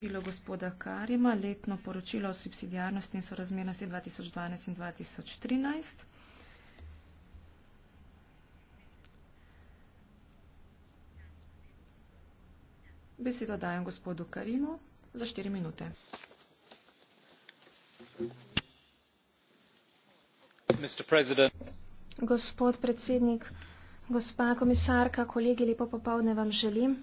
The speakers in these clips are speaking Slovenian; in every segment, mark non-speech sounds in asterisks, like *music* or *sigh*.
poročilo gospoda Karima, letno poročilo o subsidijarnosti in sorazmernosti 2012 in 2013. Besedo dajem gospodu Karimu za 4 minute. Gospod predsednik, gospa komisarka, kolegi, lepo popovdne vam želim.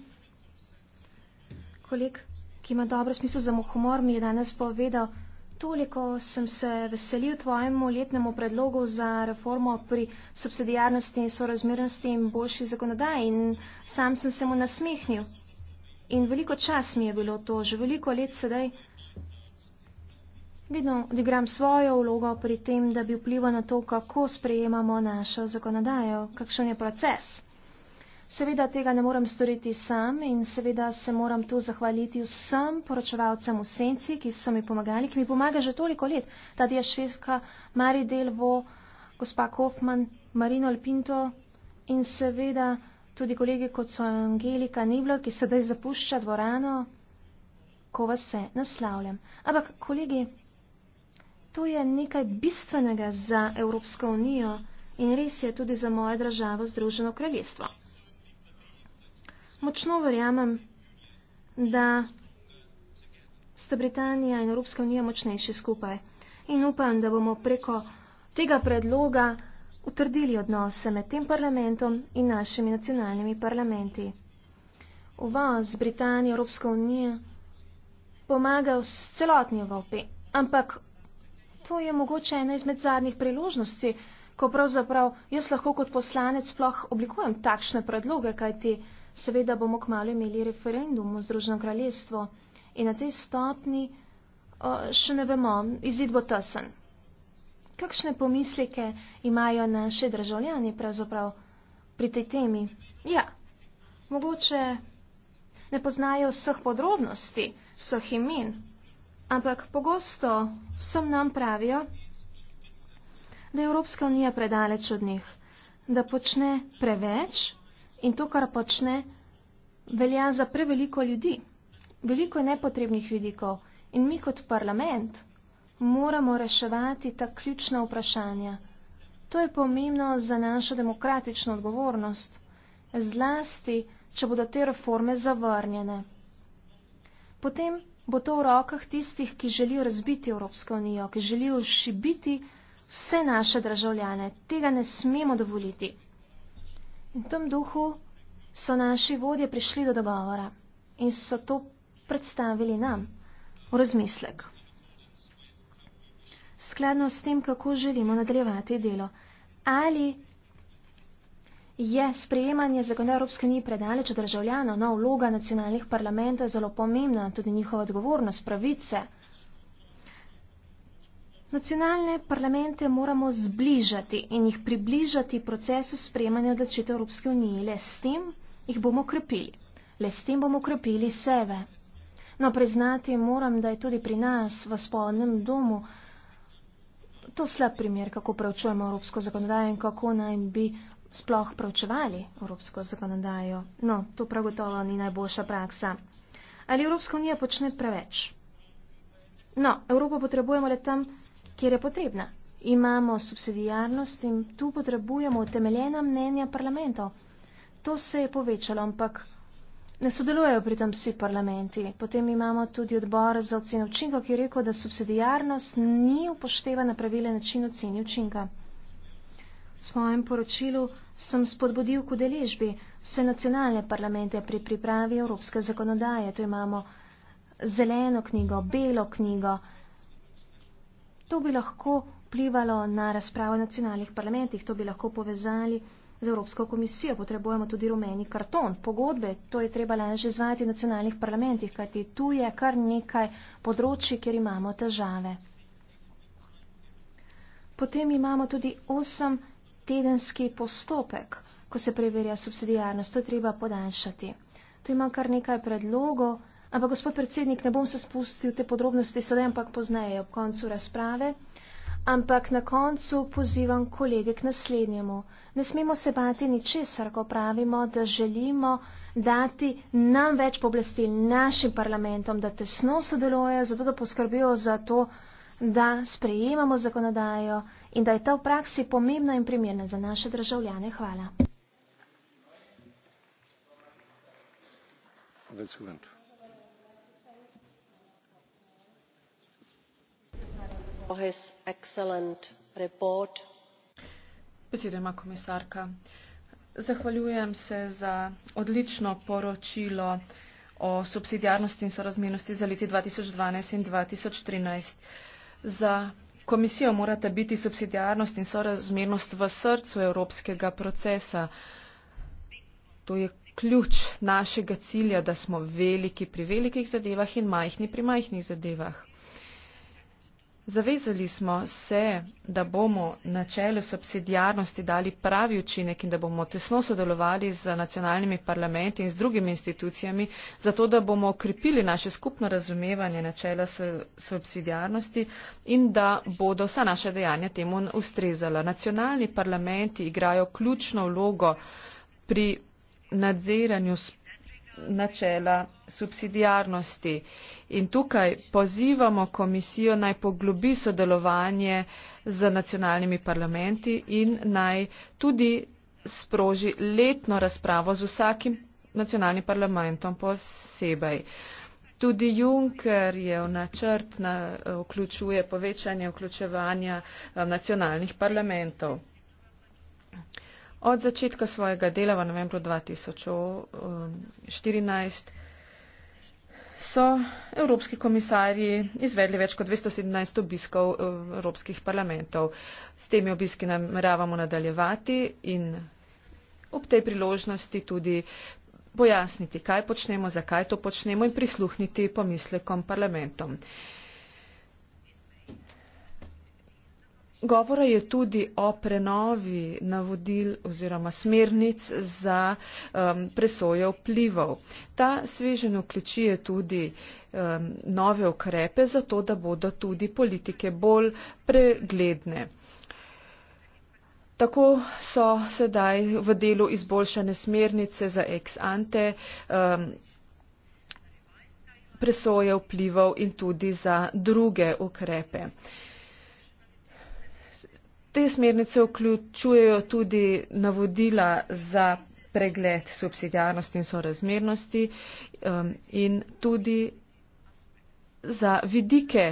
Kolik? ki ima dobro smisel za mohomor, mi je danes povedal, toliko sem se veselil tvojemu letnemu predlogu za reformo pri subsidijarnosti in sorazmernosti in boljši zakonodaj in sam sem se mu nasmehnil. In veliko čas mi je bilo to, že veliko let sedaj. Vedno odigram svojo vlogo pri tem, da bi vplival na to, kako sprejemamo našo zakonodajo, kakšen je proces. Seveda tega ne morem storiti sam in seveda se moram tu zahvaliti vsem poročevalcem v senci, ki so mi pomagali, ki mi pomaga že toliko let. Tadija Švedka, Mari Delvo, gospa Kofman, Marino Alpinto in seveda tudi kolege kot so Angelika Nibler, ki sedaj zapušča dvorano, ko vas se naslavljam. Ampak kolegi, to je nekaj bistvenega za Evropsko unijo in res je tudi za mojo državo Združeno kraljestvo. Močno verjamem, da sta Britanija in Evropska unija močnejši skupaj. In upam, da bomo preko tega predloga utrdili odnose med tem parlamentom in našimi nacionalnimi parlamenti. Uvoz Britanije, Evropska unija pomaga v celotni Evropi, ampak to je mogoče ena izmed zadnjih priložnosti, ko pravzaprav jaz lahko kot poslanec sploh oblikujem takšne predloge, kajti Seveda bomo kmalo imeli referendum o Združeno kraljestvo in na tej stopni o, še ne vemo, izid bo tesen. Kakšne pomislike imajo naši državljani pravzaprav pri tej temi? Ja, mogoče ne poznajo vseh podrobnosti, vseh imen, ampak pogosto vsem nam pravijo, da je Evropska unija predaleč od njih, da počne preveč in to, kar počne, velja za preveliko ljudi. Veliko je nepotrebnih vidikov in mi kot parlament moramo reševati ta ključna vprašanja. To je pomembno za našo demokratično odgovornost, zlasti, če bodo te reforme zavrnjene. Potem bo to v rokah tistih, ki želijo razbiti Evropsko unijo, ki želijo šibiti vse naše državljane. Tega ne smemo dovoliti. In v tem duhu so naši vodje prišli do dogovora in so to predstavili nam v razmislek. Skladno s tem, kako želimo nadaljevati delo, ali je sprejemanje zakonodaje Evropske unije predaleč od državljanov, no vloga nacionalnih parlamentov je zelo pomembna, tudi njihova odgovornost, pravice. Nacionalne parlamente moramo zbližati in jih približati procesu sprejemanja odločitev Evropske unije. Le s tem jih bomo krepili. Le s tem bomo krepili sebe. No, priznati moram, da je tudi pri nas v spolnem domu to slab primer, kako preučujemo evropsko zakonodajo in kako naj bi sploh preučevali evropsko zakonodajo. No, to prav gotovo ni najboljša praksa. Ali Evropska unija počne preveč? No, Evropo potrebujemo le tam, kjer je potrebna. Imamo subsidijarnost in tu potrebujemo utemeljena mnenja parlamentov to se je povečalo, ampak ne sodelujejo pri tem vsi parlamenti. Potem imamo tudi odbor za oceno učinka, ki je rekel, da subsidijarnost ni upoštevana pravile način oceni učinka. V svojem poročilu sem spodbudil k udeležbi vse nacionalne parlamente pri pripravi evropske zakonodaje. Tu imamo zeleno knjigo, belo knjigo. To bi lahko vplivalo na razpravo v nacionalnih parlamentih, to bi lahko povezali Z Evropsko komisijo potrebujemo tudi rumeni karton. Pogodbe, to je treba le že izvajati v nacionalnih parlamentih, kajti tu je kar nekaj področji, kjer imamo težave. Potem imamo tudi osem tedenski postopek, ko se preverja subsidijarnost. To je treba podaljšati. Tu imam kar nekaj predlogov, ampak gospod predsednik, ne bom se spustil v te podrobnosti, sedaj ampak poznajo ob koncu razprave. Ampak na koncu pozivam kolege k naslednjemu. Ne smemo se bati ničesar, ko pravimo, da želimo dati nam več poblastil, našim parlamentom, da tesno sodelujejo, zato da poskrbijo za to, da sprejemamo zakonodajo in da je ta v praksi pomembna in primerna za naše državljane. Hvala. Vec, for his excellent report. zahvaljujem se za odlično poročilo o subsidijarnosti in sorazmernosti za leti 2012 in 2013. Za komisijo morate biti subsidijarnost in sorazmernost v srcu evropskega procesa. To je ključ našega cilja, da smo veliki pri velikih zadevah in majhni pri majhnih zadevah. Zavezali smo se, da bomo na čelu subsidijarnosti dali pravi učinek in da bomo tesno sodelovali z nacionalnimi parlamenti in z drugimi institucijami, zato da bomo okrepili naše skupno razumevanje načela subsidijarnosti in da bodo vsa naša dejanja temu ustrezala. Nacionalni parlamenti igrajo ključno vlogo pri nadziranju načela subsidijarnosti. In tukaj pozivamo komisijo naj poglobi sodelovanje z nacionalnimi parlamenti in naj tudi sproži letno razpravo z vsakim nacionalnim parlamentom posebej. Tudi Juncker je v načrt na vključuje povečanje vključevanja eh, nacionalnih parlamentov od začetka svojega dela v novembru 2014 so evropski komisarji izvedli več kot 217 obiskov eh, evropskih parlamentov. S temi obiski nameravamo nadaljevati in ob tej priložnosti tudi pojasniti, kaj počnemo, zakaj to počnemo in prisluhniti pomislekom parlamentom. Govora je tudi o prenovi navodil oziroma smernic za um, presojo vplivov. Ta svežen vključuje tudi um, nove ukrepe, zato da bodo tudi politike bolj pregledne. Tako so sedaj v delu izboljšane smernice za ex ante um, presoje vplivov in tudi za druge ukrepe. Te smernice vključujejo tudi navodila za pregled subsidijarnosti in sorazmernosti um, in tudi za vidike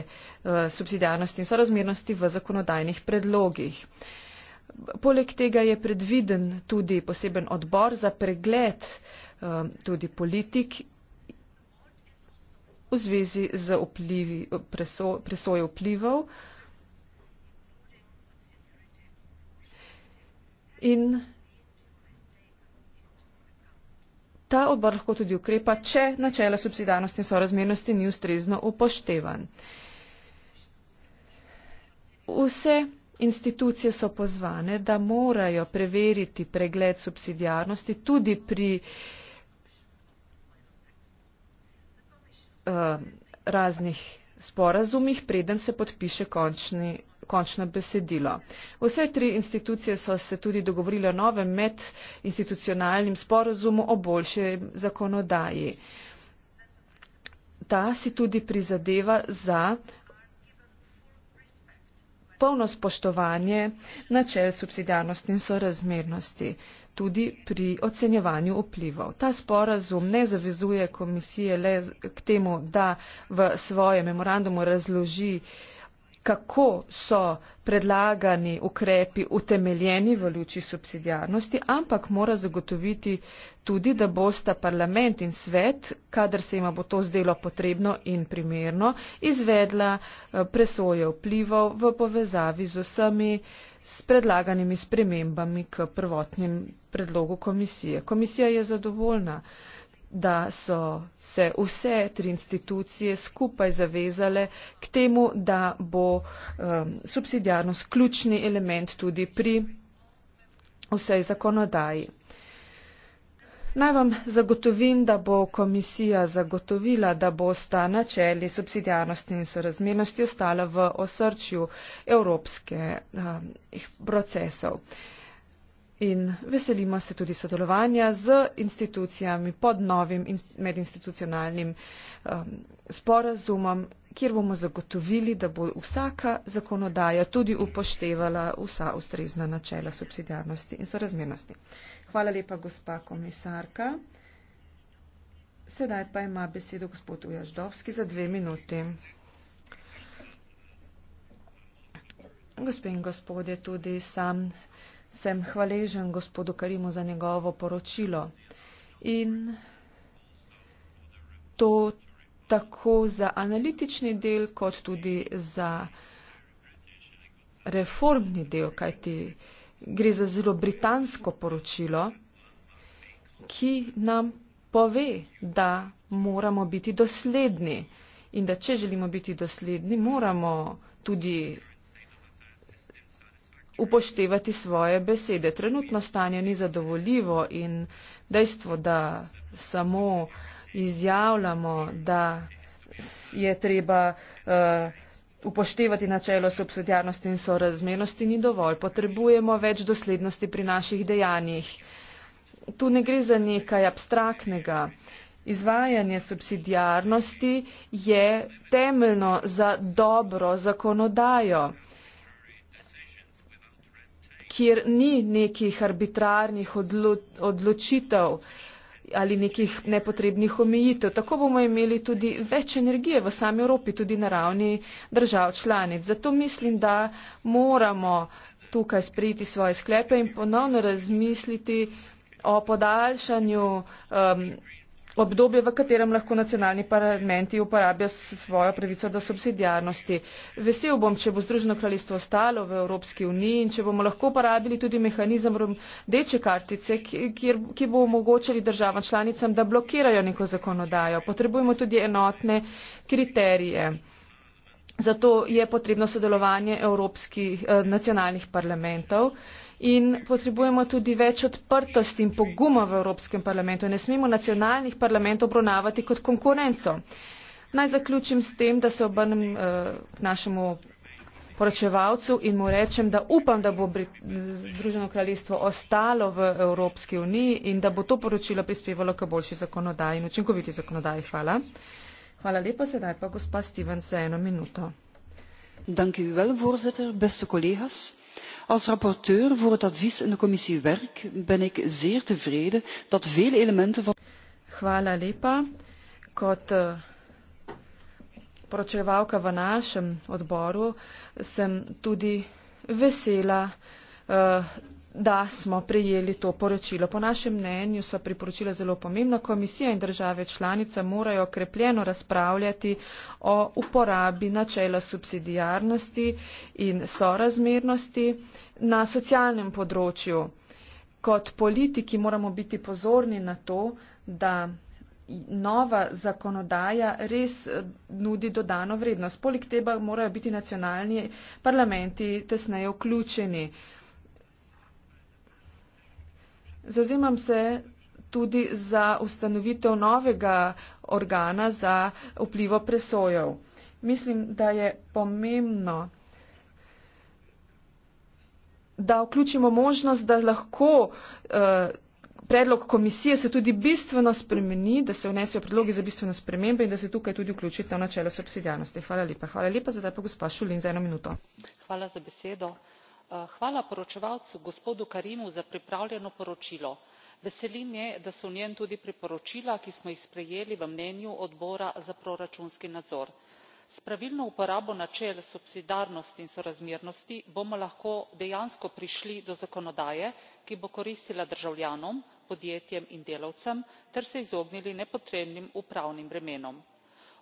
uh, subsidijarnosti in sorazmernosti v zakonodajnih predlogih. Poleg tega je predviden tudi poseben odbor za pregled um, tudi politik v zvezi z vplivi, preso, presojo vplivov. Um, In ta odbor lahko tudi ukrepa, če načela subsidarnosti in sorazmernosti ni ustrezno upoštevan. Vse institucije so pozvane, da morajo preveriti pregled subsidijarnosti tudi pri uh, raznih sporazumih, preden se podpiše končni končno besedilo. Vse tri institucije so se tudi dogovorile o novem medinstitucionalnem sporozumu o boljše zakonodaji. Ta si tudi prizadeva za polno spoštovanje načel subsidijarnosti in sorazmernosti tudi pri ocenjevanju vplivov. Ta sporazum ne zavezuje komisije le k temu, da v svojem memorandumu razloži uh, kako so predlagani ukrepi utemeljeni v luči subsidijarnosti, ampak mora zagotoviti tudi, da bosta parlament in svet, kadar se jima bo to zdelo potrebno in primerno, izvedla eh, presoje vplivov v povezavi z vsemi s predlaganimi spremembami k prvotnim predlogu komisije. Komisija je zadovoljna da so se vse tri institucije skupaj zavezale k temu, da bo um, subsidijarnost ključni element tudi pri vsej zakonodaji. Naj vam zagotovim, da bo komisija zagotovila, da bo sta načeli subsidijarnosti in sorazmernosti ostala v osrčju evropskih um, procesov. Uh, in veselimo se tudi sodelovanja z institucijami pod novim medinstitucionalnim um, sporazumom, kjer bomo zagotovili, da bo vsaka zakonodaja tudi upoštevala vsa ustrezna načela subsidijarnosti in sorazmernosti. Hvala lepa, gospa komisarka. Sedaj pa ima besedo gospod Ujaždovski za dve minuti. Gospe in gospodje, tudi sam sem hvaležen gospodu Karimu za njegovo poročilo. In to tako za analitični del, kot tudi za reformni del, kajti gre za zelo britansko poročilo, ki nam pove, da moramo biti dosledni in da če želimo biti dosledni, moramo tudi upoštevati svoje besede. Trenutno stanje ni zadovoljivo in dejstvo, da samo izjavljamo, da je treba uh, upoštevati načelo subsidijarnosti in sorazmernosti, ni dovolj. Potrebujemo več doslednosti pri naših dejanjih. Tu ne gre za nekaj abstraktnega. Izvajanje subsidijarnosti je temeljno za dobro zakonodajo kjer ni nekih arbitrarnih odlo odločitev ali nekih nepotrebnih omejitev. Tako bomo imeli tudi več energije v sami Evropi, tudi na ravni držav članic. Zato mislim, da moramo tukaj sprejeti svoje sklepe in ponovno razmisliti o podaljšanju. Um, obdobje, v katerem lahko nacionalni parlamenti uporablja svojo pravico do subsidijarnosti. Vesel bom, če bo Združeno kraljestvo ostalo v Evropski uniji in če bomo lahko uporabili tudi mehanizem rdeče kartice, ki, ki bo omogočali državam članicam, da blokirajo neko zakonodajo. Potrebujemo tudi enotne kriterije. Zato je potrebno sodelovanje evropskih eh, nacionalnih parlamentov. Eh, in potrebujemo tudi več odprtosti in poguma v Evropskem parlamentu. Ne smemo nacionalnih parlamentov obravnavati kot konkurenco. Naj zaključim s tem, da se obrnem uh, k našemu poročevalcu in mu rečem, da upam, da bo Združeno kraljestvo ostalo v Evropski uniji in da bo to poročilo prispevalo k boljši zakonodaji in učinkoviti zakonodaji. Hvala. Hvala lepa, sedaj pa gospa Steven za eno minuto. Dankjewel, voorzitter, beste collega's als rapporteur voor het advies in de commissie werk ben ik zeer tevreden dat vele elementen van. Hvala lepa. Kot eh, poročevalka v našem odboru sem tudi vesela uh, da smo prejeli to poročilo. Po našem mnenju so priporočila zelo pomembna. Komisija in države članice morajo okrepljeno razpravljati o uporabi načela subsidijarnosti in sorazmernosti na socialnem področju. Kot politiki moramo biti pozorni na to, da nova zakonodaja res eh, nudi dodano vrednost. Poleg tega morajo biti nacionalni parlamenti tesneje vključeni. Zauzemam se tudi za ustanovitev novega organa za vplivo presojev. Mislim, da je pomembno, da vključimo možnost, da lahko eh, predlog komisije se tudi bistveno spremeni, da se vnesijo predlogi za bistveno spremembe in da se tukaj tudi vključi ta načelo subsidijarnosti. Hvala lepa. Hvala lepa, zdaj pa gospa Šulin za eno minuto. Hvala za besedo. Eh, hvala poročevalcu gospodu karimu za pripravljeno poročilo. veseli me da so v njem tudi priporočila ki smo jih sprejeli v mnenju odbora za proračunski nadzor. s pravilno uporabo načel subsidiarnosti in sorazmernosti bomo lahko dejansko prišli do zakonodaje ki bo koristila državljanom podjetjem in delavcem ter se izognili nepotrebnim upravnim bremenom.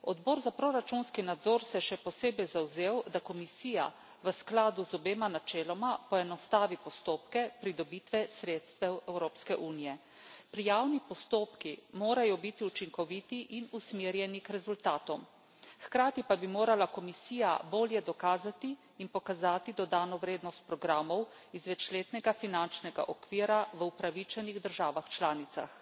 odbor za proračunski nadzor se je še posebej zavzel da komisija v skladu z obema načeloma poenostavi postopke pridobitve sredstev evropske unije. prijavni postopki morajo biti učinkoviti in usmerjeni k rezultatom hkrati pa bi morala komisija bolje dokazati in pokazati dodano vrednost programov iz večletnega finančnega okvira v upravičenih državah članicah.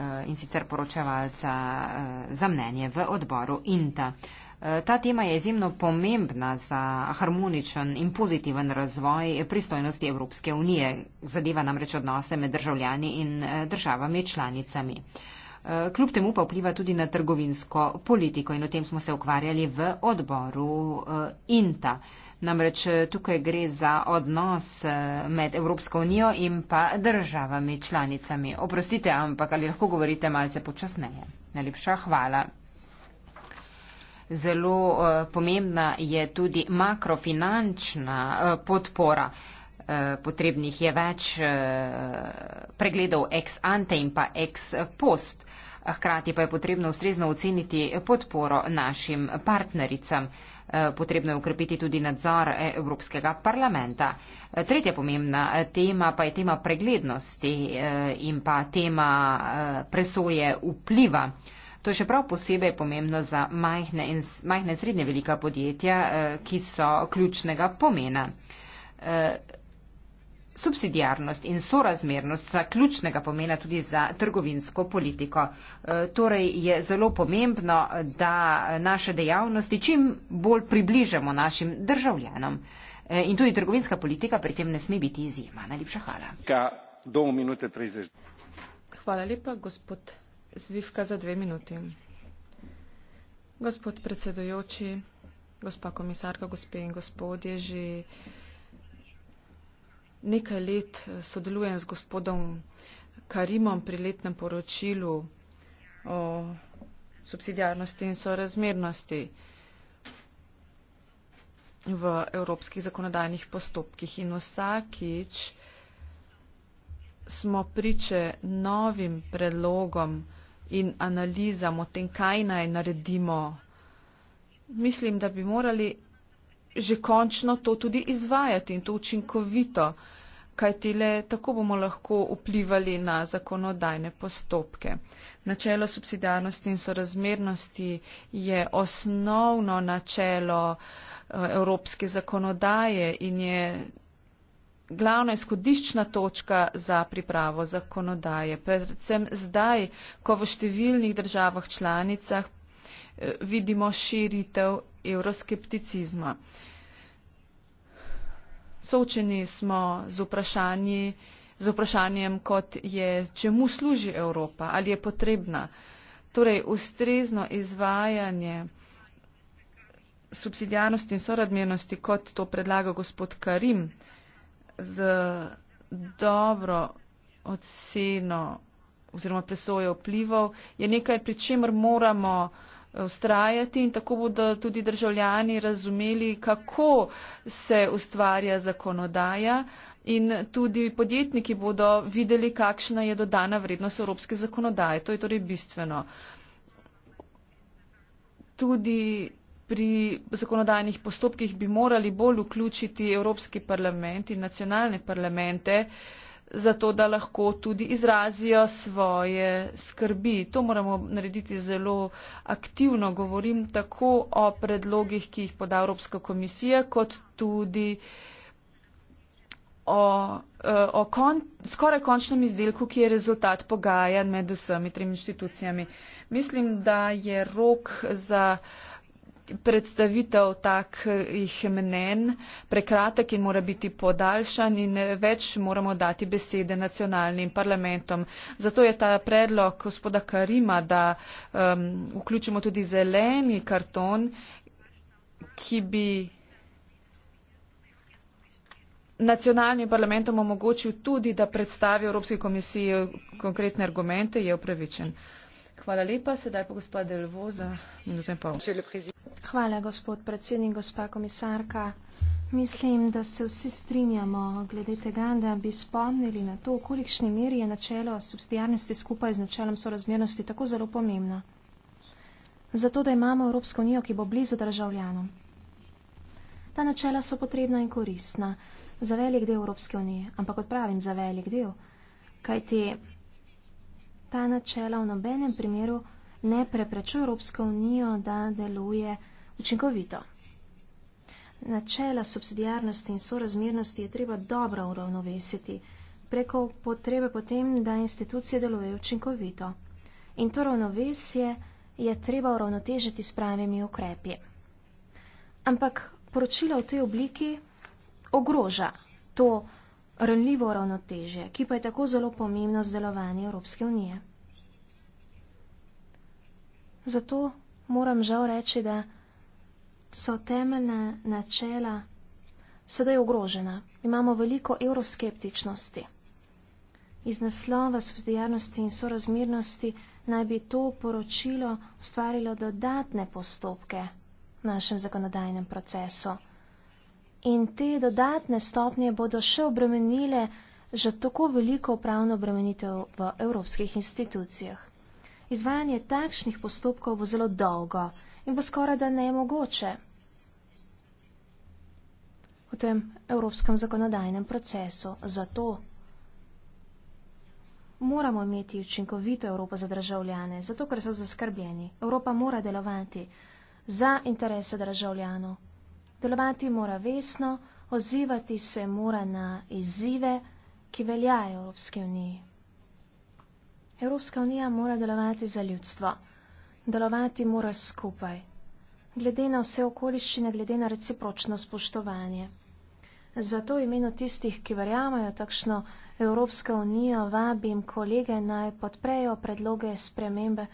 Eh, in sicer poročevalca eh, za mnenje v odboru INTA. Eh, ta tema je izjemno pomembna za harmoničen in pozitiven razvoj pristojnosti Evropske unije, zadeva namreč odnose med državljani in državami članicami. Eh, kljub temu pa vpliva tudi na trgovinsko politiko in o tem smo se ukvarjali v odboru eh, INTA. Namreč eh, tukaj gre za odnos med Evropsko unijo in pa državami članicami. Oprostite, ampak ali lahko govorite malce počasneje? Najlepša hvala. Zelo uh, pomembna je tudi makrofinančna uh, podpora. Uh, Eh, potrebnih je več eh, pregledov ex ante in pa ex post. Hkrati pa je potrebno ustrezno oceniti podporo našim partnericam. Eh, potrebno je ukrepiti tudi nadzor Evropskega parlamenta. Tretja pomembna tema pa je tema preglednosti in pa tema presoje vpliva. To je še prav posebej pomembno za majhne in majhne srednje velika podjetja, ki so ključnega pomena subsidijarnost in sorazmernost sta ključnega pomena tudi za trgovinsko politiko. E, torej je zelo pomembno, da naše dejavnosti čim bolj približamo našim državljanom. E, in tudi trgovinska politika pri tem ne sme biti izjema. Najlepša hvala. Hvala lepa, gospod Zvivka, za dve minuti. Gospod predsedujoči, gospa komisarka, gospe in gospodje, že nekaj let eh, sodelujem z gospodom Karimom pri letnem poročilu o subsidijarnosti in sorazmernosti v evropskih zakonodajnih postopkih. In vsakič smo priče novim predlogom in analizam o tem, kaj naj naredimo. Mislim, da bi morali že končno to tudi izvajati in to učinkovito, kajti le tako bomo lahko vplivali na zakonodajne postopke. Načelo subsidijarnosti in sorazmernosti je osnovno načelo eh, evropske zakonodaje in je glavna izhodiščna točka za pripravo zakonodaje. Predvsem zdaj, ko v številnih državah članicah eh, vidimo širitev evroskepticizma soočeni smo z, z vprašanjem, kot je, čemu služi Evropa, ali je potrebna. Torej, ustrezno izvajanje subsidijarnosti in sorodmjernosti, kot to predlaga gospod Karim, z dobro oceno oziroma presojo vplivov, je nekaj, pri čemer moramo vztrajati in tako bodo tudi državljani razumeli, kako se ustvarja zakonodaja in tudi podjetniki bodo videli, kakšna je dodana vrednost evropske zakonodaje. To je torej bistveno. Tudi pri zakonodajnih postopkih bi morali bolj vključiti Evropski parlament in nacionalne parlamente, uh, zato da lahko tudi izrazijo svoje skrbi. To moramo narediti zelo aktivno. Govorim tako o predlogih, ki jih poda Evropska komisija, kot tudi o, e, o kon, skoraj končnem izdelku, ki je rezultat pogajanj med vsemi tremi inštitucijami. Mislim, da je rok za. Uh, predstavitev takih mnen prekratek in mora biti podaljšan in več moramo dati besede nacionalnim parlamentom. Zato je ta predlog gospoda Karima, da um, vključimo tudi zeleni karton, ki bi nacionalnim parlamentom omogočil tudi, da predstavi Evropski komisiji konkretne argumente, je upravičen. Hvala lepa. Sedaj pa gospod Delvo za minuto in pol. Hvala, gospod predsednik, gospa komisarka. Mislim, da se vsi strinjamo glede tega, da bi spomnili na to, v kolikšni meri je načelo subsidijarnosti skupaj z načelom sorazmernosti tako zelo pomembno. Zato, da imamo Evropsko unijo, ki bo blizu državljanom. Ta načela so potrebna in koristna za velik del Evropske unije, ampak odpravim za velik del, kaj te ta načela v nobenem primeru ne preprečuje Evropsko unijo, da deluje učinkovito. Načela subsidijarnosti in sorazmernosti je treba dobro uravnovesiti preko potrebe potem, da institucije delujejo učinkovito. In to ravnovesje je treba uravnotežiti s pravimi ukrepi. Ampak poročilo v tej obliki ogroža to, ranljivo ravnotežje, ki pa je tako zelo pomembno z delovanje Evropske unije. Zato moram žal reči, da so temeljna načela sedaj ogrožena. Imamo veliko euroskeptičnosti. Iz naslova subsidijarnosti in sorazmernosti naj bi to poročilo ustvarilo dodatne postopke v našem zakonodajnem procesu. In te dodatne stopnje bodo še obremenile že tako veliko upravno obremenitev v evropskih institucijah. Izvajanje takšnih postopkov bo zelo dolgo in bo skoraj da nemogoče v tem evropskem zakonodajnem procesu. Zato moramo imeti učinkovito Evropo za državljane, zato ker so zaskrbljeni. Evropa mora delovati za interese državljanov. Delovati mora vesno, ozivati se mora na izzive, ki veljajo Evropske unije. Evropska unija mora delovati za ljudstvo. Delovati mora skupaj. Glede na vse okoliščine, glede na recipročno spoštovanje. Zato imeno tistih, ki verjamajo takšno Evropsko unijo, vabim kolege naj podprejo predloge spremembe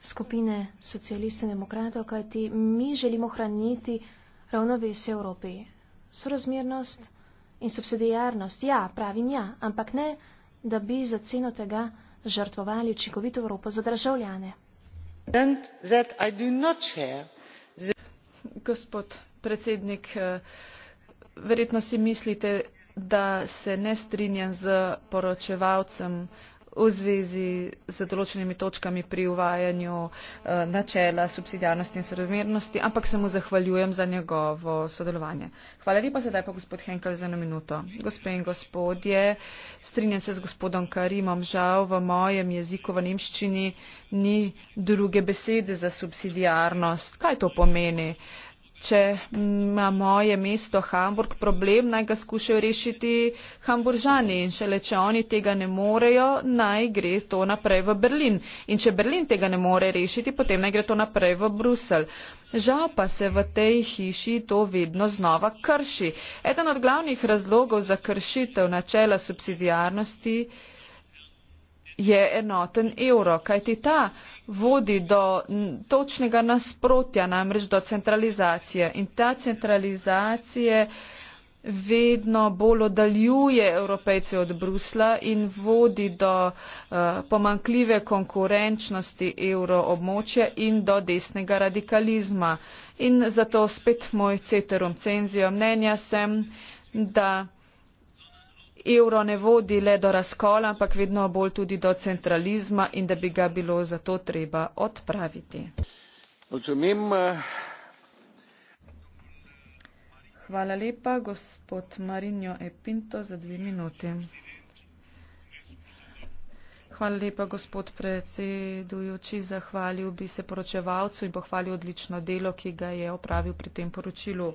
skupine socialistov in demokratov, kajti mi želimo hraniti ravnovesje Evropi. Sorazmernost in subsidijarnost, ja, pravim ja, ampak ne, da bi za ceno tega žrtvovali učinkovito Evropo za državljane. Gospod predsednik, eh, verjetno si mislite, da se ne strinjam z poročevalcem, v zvezi z določenimi točkami pri uvajanju eh, načela subsidijarnosti in sorovmernosti, ampak se mu zahvaljujem za njegovo sodelovanje. Hvala lepa sedaj pa gospod Henkel za eno minuto. Gospe in gospodje, strinjam se z gospodom Karimom, žal v mojem jeziku v nemščini ni druge besede za subsidijarnost. Kaj to pomeni? Uh, če ima moje mesto Hamburg problem, naj ga skušajo rešiti Hamburžani in šele, če oni tega ne morejo, naj gre to naprej v Berlin. In če Berlin tega ne more rešiti, potem naj gre to naprej v Brusel. Žal pa se v tej hiši to vedno znova krši. Eden od glavnih razlogov za kršitev načela subsidijarnosti je enoten evro, kajti ta vodi do točnega nasprotja, namreč do centralizacije. In ta centralizacija vedno bolj odaljuje Evropejce od Brusla in vodi do uh, eh, pomankljive konkurenčnosti evroobmočja in do desnega radikalizma. In zato spet moj ceterum cenzijo mnenja sem, da evro ne vodi le do razkola ampak vedno bolj tudi do centralizma in da bi ga bilo zato treba odpraviti. gospod predsedujoči zahvalil bi se poročevalcu in pohvalil odlično delo ki ga je opravil pri tem poročilu.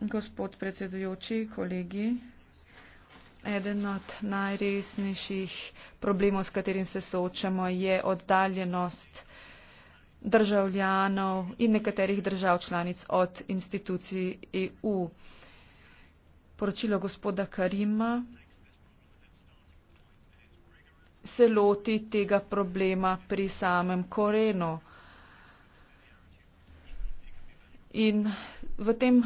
gospod predsedujoči kolegi Eden od najresnejših problemov, s katerim se soočamo, je oddaljenost državljanov in nekaterih držav članic od institucij EU. Poročilo gospoda Karima se loti tega problema pri samem korenu. In v tem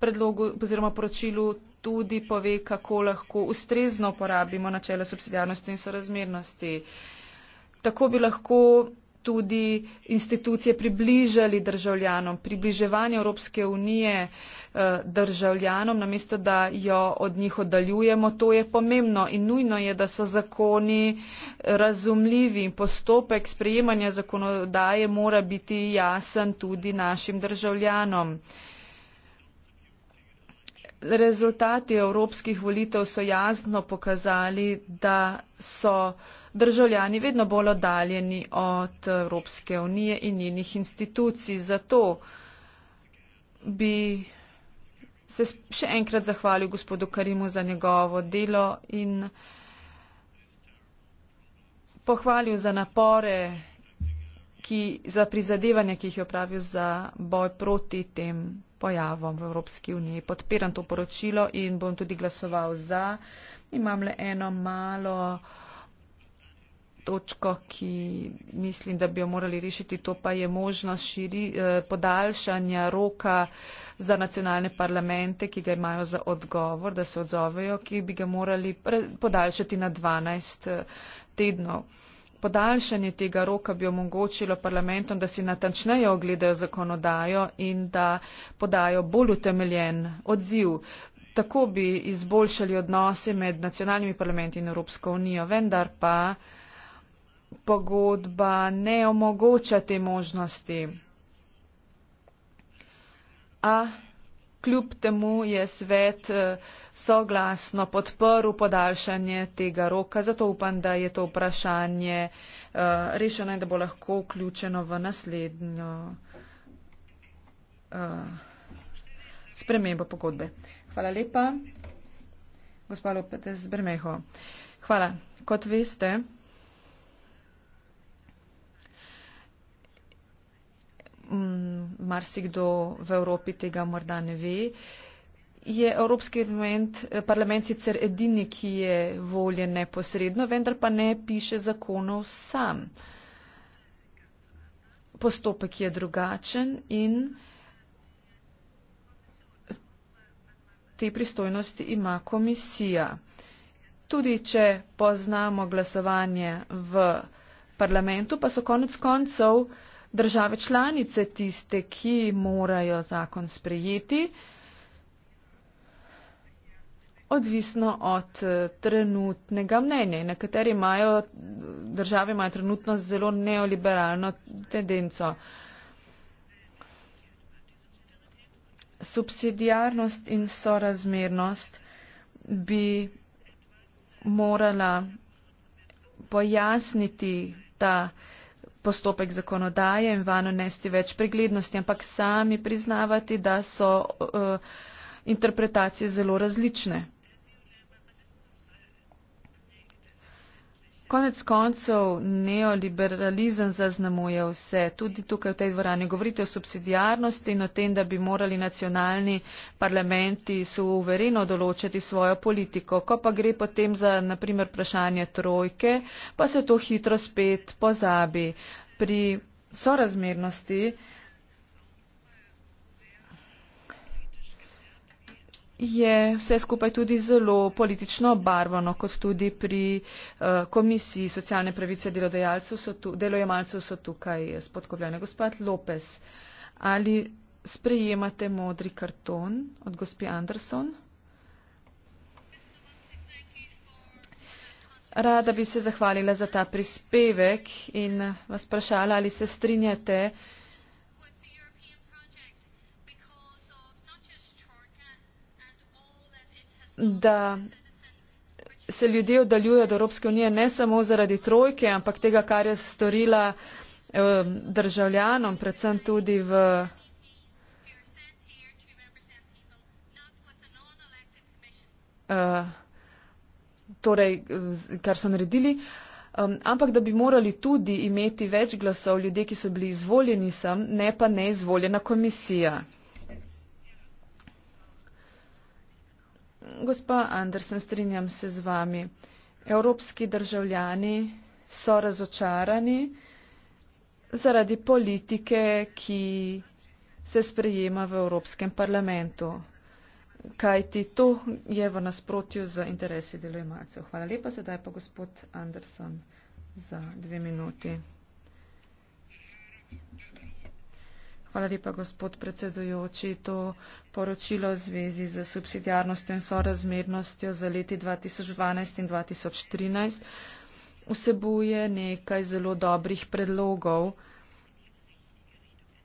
predlogu oziroma poročilu tudi pove, kako lahko ustrezno uporabimo načelo subsidijarnosti in sorazmernosti. Tako bi lahko tudi institucije približali državljanom, približevanje Evropske unije eh, državljanom, namesto da jo od njih oddaljujemo. To je pomembno in nujno je, da so zakoni razumljivi in postopek sprejemanja zakonodaje mora biti jasen tudi našim državljanom. Rezultati evropskih volitev so jasno pokazali, da so državljani vedno bolj oddaljeni od Evropske unije in njenih institucij. Zato bi se še enkrat zahvalil gospodu Karimu za njegovo delo in pohvalil za napore ki, za prizadevanja, ki jih je opravil za boj proti tem pojavom v Evropski uniji. Podpiram to poročilo in bom tudi glasoval za. Imam le eno malo točko, ki mislim, da bi jo morali rešiti, to pa je možnost širi, eh, podaljšanja roka za nacionalne parlamente, ki ga imajo za odgovor, da se odzovejo, ki bi ga morali podaljšati na 12 eh, tednov podaljšanje tega roka bi omogočilo parlamentom da si natančneje ogledajo zakonodajo in da podajo bolj utemeljen odziv tako bi izboljšali odnose med nacionalnimi parlamenti in evropsko unijo vendar pa pogodba ne omogoča te možnosti a Kljub temu je svet eh, soglasno podprl podaljšanje tega roka, zato upam, da je to vprašanje eh, rešeno in da bo lahko vključeno v naslednjo eh, spremembo pogodbe. Hvala lepa. Gospod Lopetez Bermeho. Hvala. Kot veste, m, mm, marsikdo v Evropi tega morda ne ve, je Evropski parlament, eh, parlament sicer edini, ki je voljen neposredno, vendar pa ne piše zakonov sam. Postopek je drugačen in te pristojnosti ima komisija. Tudi če poznamo glasovanje v parlamentu, pa so konec koncev uh, države članice tiste, ki morajo zakon sprejeti, odvisno od eh, trenutnega mnenja. Nekateri imajo, države imajo trenutno zelo neoliberalno tendenco. Subsidijarnost in sorazmernost bi morala pojasniti ta postopek zakonodaje in vano nesti več preglednosti, ampak sami priznavati, da so uh, interpretacije zelo različne. Konec koncev neoliberalizem zaznamuje vse, tudi tukaj v tej dvorani. Govorite o subsidijarnosti in o tem, da bi morali nacionalni parlamenti suvereno določiti svojo politiko. Ko pa gre potem za, naprimer, vprašanje trojke, pa se to hitro spet pozabi. Pri sorazmernosti je vse skupaj tudi zelo politično obarvano, kot tudi pri eh, Komisiji socialne pravice delojemalcev so tukaj spodkovljene. Gospod Lopes, ali sprejemate modri karton od gospi Anderson? Rada bi se zahvalila za ta prispevek in vas vprašala, ali se strinjate, da se ljudje oddaljujejo od Evropske unije ne samo zaradi trojke, ampak tega, kar je storila ehm, državljanom, predvsem tudi v. Uh, torej, kar so naredili, um, ampak da bi morali tudi imeti več glasov ljudje, ki so bili izvoljeni sem, ne pa neizvoljena komisija. Gospa Andersen, strinjam se z vami. Evropski državljani so razočarani zaradi politike, ki se sprejema v Evropskem parlamentu. Kajti to je v nasprotju z interesi delojemalcev. Hvala lepa, sedaj pa gospod Andersen za dve minuti. Hvala lepa, gospod predsedujoči. To poročilo v zvezi z subsidijarnostjo in sorazmernostjo za leti 2012 in 2013 vsebuje nekaj zelo dobrih predlogov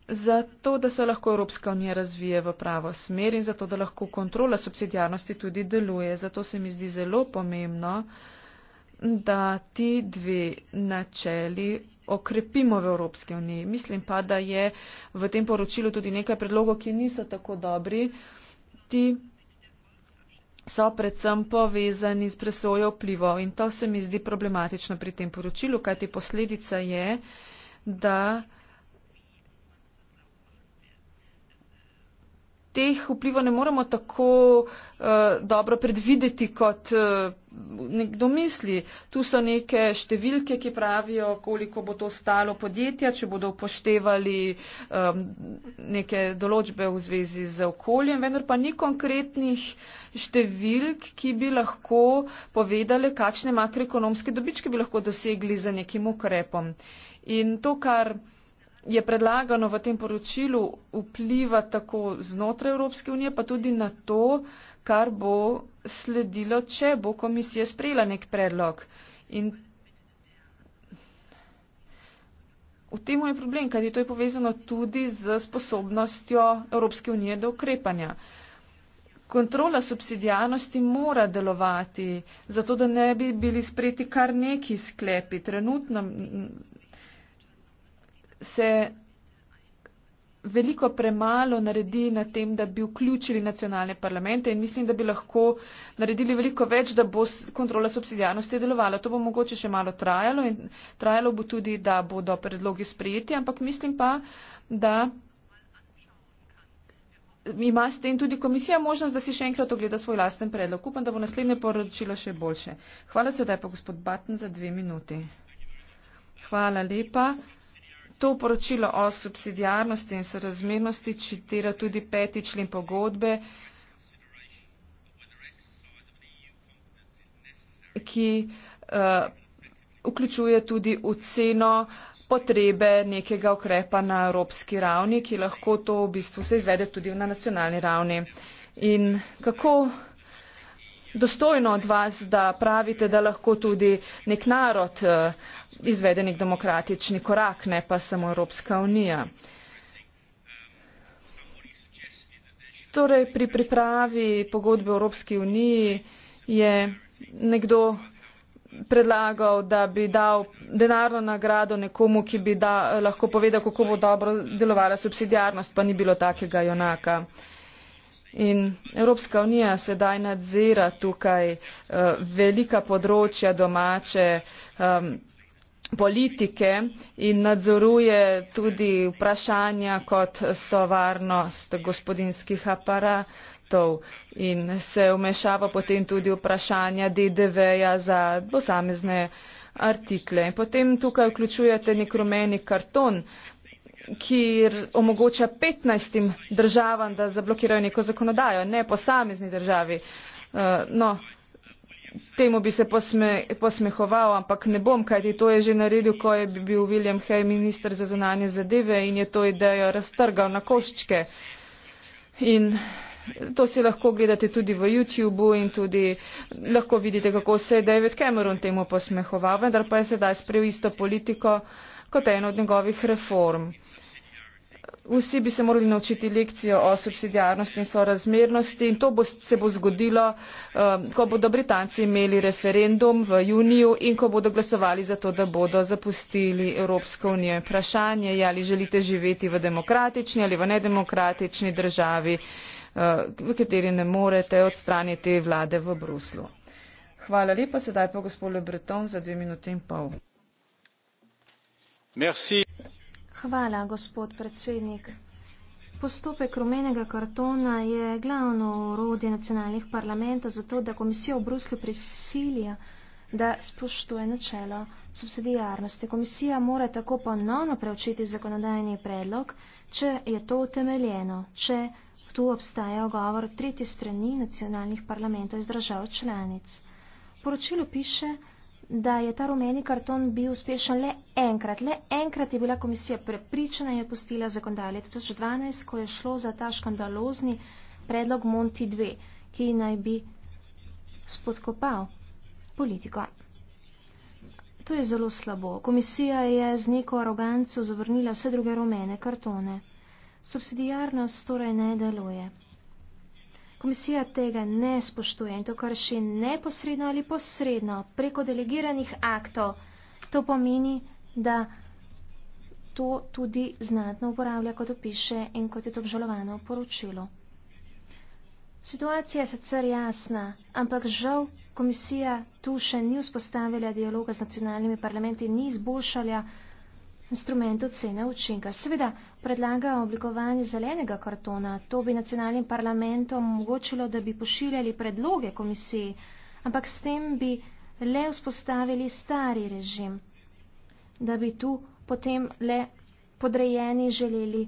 za to, da se lahko Evropska unija razvije v pravo smer in za to, da lahko kontrola subsidijarnosti tudi deluje. Zato se mi zdi zelo pomembno, da ti dve načeli okrepimo v Evropski uniji. Mislim pa, da je v tem poročilu tudi nekaj predlogov, ki niso tako dobri. Ti so predvsem povezani z presojo vplivov in to se mi zdi problematično pri tem poročilu, kajti posledica je, da teh vplivov ne moremo tako uh, dobro predvideti, kot uh, nekdo misli. Tu so neke številke, ki pravijo, koliko bo to stalo podjetja, če bodo upoštevali um, neke določbe v zvezi z okoljem, vendar pa ni konkretnih številk, ki bi lahko povedali, kakšne makroekonomske dobičke bi lahko dosegli za nekim ukrepom. In to, kar je predlagano v tem poročilu, vpliva tako znotraj Evropske unije, pa tudi na to, kar bo sledilo, če bo komisija sprejela nek predlog. In v tem je problem, kajti to je povezano tudi z sposobnostjo Evropske unije do ukrepanja. Kontrola subsidijanosti mora delovati, zato da ne bi bili spreti kar neki sklepi. Trenutno se veliko premalo naredi na tem, da bi vključili nacionalne parlamente in mislim, da bi lahko naredili veliko več, da bo kontrola subsidijarnosti delovala. To bo mogoče še malo trajalo in trajalo bo tudi, da bodo predlogi sprejeti, ampak mislim pa, da ima s tem tudi komisija možnost, da si še enkrat ogleda svoj lasten predlog. Upam, da bo naslednje poročilo še boljše. Hvala sedaj pa gospod Batten za dve minuti. Hvala lepa to poročilo o subsidijarnosti in sorazmernosti čitira tudi peti člen pogodbe, ki uh, vključuje tudi oceno potrebe nekega ukrepa na evropski ravni, ki lahko to v bistvu se izvede tudi na nacionalni ravni. In kako dostojno od vas, da pravite, da lahko tudi nek narod eh, izvede nek demokratični korak, ne pa samo Evropska unija. Torej, pri pripravi pogodbe v Evropski uniji je nekdo predlagal, da bi dal denarno nagrado nekomu, ki bi da, lahko povedal, kako bo dobro delovala subsidijarnost, pa ni bilo takega junaka. In Evropska unija sedaj nadzira tukaj uh, velika področja domače um, politike in nadzoruje tudi vprašanja, kot so varnost gospodinskih aparatov in se vmešava potem tudi vprašanja DDV-ja za posamezne artikle. In potem tukaj vključujete nek rumeni karton, uh, ki omogoča 15 državam, da zablokirajo neko zakonodajo, ne posamezni državi. Eh, no, temu bi se posme, posmehoval, ampak ne bom, kajti to je že naredil, ko je bil William Hay minister za zunanje zadeve in je to idejo raztrgal na koščke. In to si lahko gledate tudi v YouTubu in tudi lahko vidite, kako se je David Cameron temu posmehoval, vendar pa je sedaj sprejel isto politiko. Uh, kot eno od njegovih reform. Vsi bi se morali naučiti lekcijo o subsidijarnosti in sorazmernosti in to bo, se bo zgodilo, uh, ko bodo Britanci imeli referendum v juniju in ko bodo glasovali za to, da bodo zapustili Evropsko unijo. Vprašanje je, ali želite živeti v demokratični ali v nedemokratični državi, uh, v kateri ne morete odstraniti vlade v Bruslu. Hvala lepa, sedaj pa gospod Le Breton za dve minute in pol. Hvala, gospod predsednik. Postopek rumenega kartona je glavno urodje nacionalnih parlamenta za to, da komisija v Bruslju prisilja, da spoštuje načelo subsidijarnosti. Komisija mora tako ponovno preučiti zakonodajni predlog, če je to utemeljeno, če tu obstaja ogovor tretji strani nacionalnih parlamentov iz držav članic. Poročilo piše, da da je ta rumeni karton bil uspešen le enkrat. Le enkrat je bila komisija prepričana in je pustila zakonodajo leta 2012, ko je šlo za ta škandalozni predlog Monti 2, ki naj bi spodkopal politiko. To je zelo slabo. Komisija je z neko aroganco zavrnila vse druge rumene kartone. Subsidijarnost torej ne deluje. Komisija tega ne spoštuje in to krši neposredno ali posredno preko delegiranih aktov. To pomeni, da to tudi znatno uporablja, kot opiše in kot je to obžalovano poročilo. Situacija je sicer jasna, ampak žal komisija tu še ni vzpostavila dialoga z nacionalnimi parlamenti, ni izboljšala instrumentu cene učinka. Seveda predlaga oblikovanje zelenega kartona. To bi nacionalnim parlamentom omogočilo, da bi pošiljali predloge komisiji, ampak s tem bi le vzpostavili stari režim, da bi tu potem le podrejeni želeli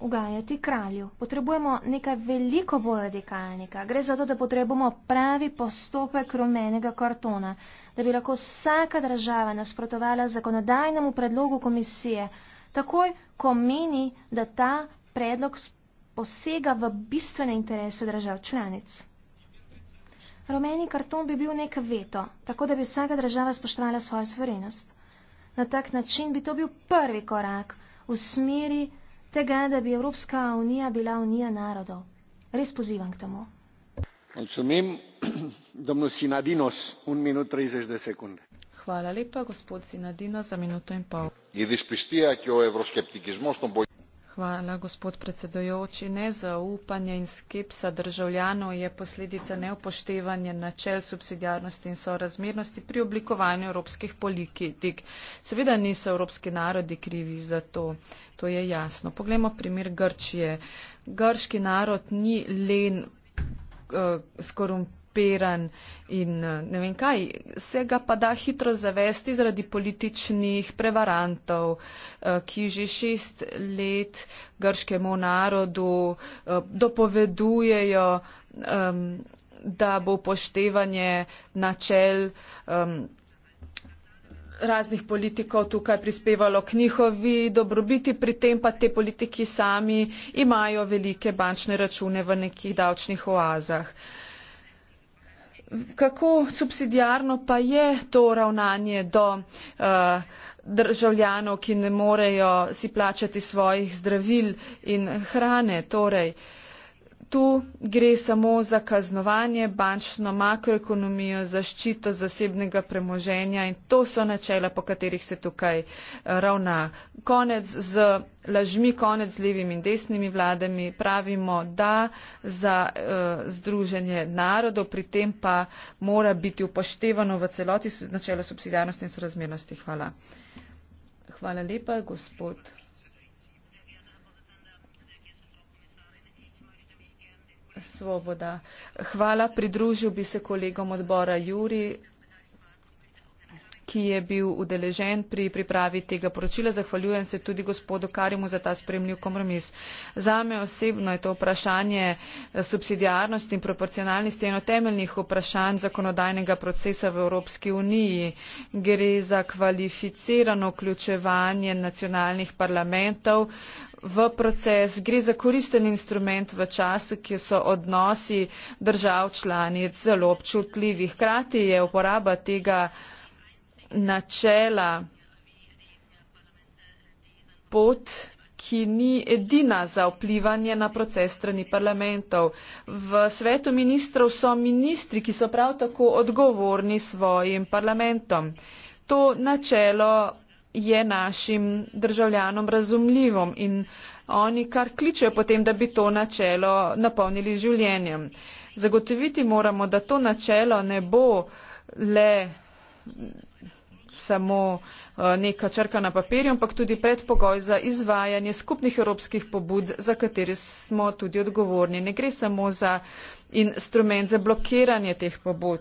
ugajati kralju. Potrebujemo nekaj veliko bolj radikalnega. Gre za to, da potrebujemo pravi postopek rumenega kartona, da bi lahko vsaka država nasprotovala zakonodajnemu predlogu komisije, takoj, ko meni, da ta predlog posega v bistvene interese držav članic. Rumeni karton bi bil nek veto, tako da bi vsaka država spoštovala svojo suverenost. Na tak način bi to bil prvi korak v smeri tega, da bi Evropska unija bila unija narodov. Res pozivam k temu. Mulțumim, *clears throat* domnul Sinadinos, un minut 30 de secunde. Hvala lepa, gospod Sinadinos, za minuto in pol. Je dispistija, ki je evroskeptikizmo, Hvala, gospod predsedojoči. Nezaupanje in skepsa državljanov je posledica neupoštevanja načel subsidijarnosti in sorazmernosti pri oblikovanju evropskih politik. Seveda niso evropski narodi krivi za to, to je jasno. Poglejmo primer Grčije. Grški narod ni len uh, eh, skorumpiran zaperan in eh, ne vem kaj. Se ga pa da hitro zavesti zaradi političnih prevarantov, eh, ki že šest let grškemu narodu eh, dopovedujejo, ehm, da bo upoštevanje načel ehm, raznih politikov tukaj prispevalo k njihovi dobrobiti, pri tem pa te politiki sami imajo velike bančne račune v nekih davčnih oazah. Uh, kako subsidijarno pa je to ravnanje do uh, državljanov, ki ne morejo si plačati svojih zdravil in hrane. Torej, uh, tu gre samo za kaznovanje, bančno makroekonomijo, zaščito zasebnega premoženja in to so načela, po katerih se tukaj eh, ravna. Konec z lažmi, konec z levimi in desnimi vladami pravimo, da za uh, združenje narodov pri tem pa mora biti upoštevano v celoti načelo subsidijarnosti in sorazmernosti. Hvala. Hvala lepa, gospod. svoboda. Hvala, pridružil bi se kolegom odbora Juri ki je bil udeležen pri pripravi tega poročila. Zahvaljujem se tudi gospodu Karimu za ta spremljiv kompromis. Zame osebno je to vprašanje eh, subsidijarnosti in proporcionalnosti eno temeljnih vprašanj zakonodajnega procesa v Evropski uniji. Gre za kvalificirano vključevanje nacionalnih parlamentov v proces, gre za koristen instrument v času, ki so odnosi držav članic zelo občutljivi. Hkrati je uporaba tega načela pot, ki ni edina za vplivanje na proces strani parlamentov. V svetu ministrov so ministri, ki so prav tako odgovorni svojim parlamentom. To načelo je našim državljanom razumljivo in oni kar kličejo potem, da bi to načelo napolnili z življenjem. Zagotoviti moramo, da to načelo ne bo le samo eh, neka črka na papirju, ampak tudi predpogoj za izvajanje skupnih evropskih pobud, za katere smo tudi odgovorni. Ne gre samo za instrument za blokiranje teh pobud.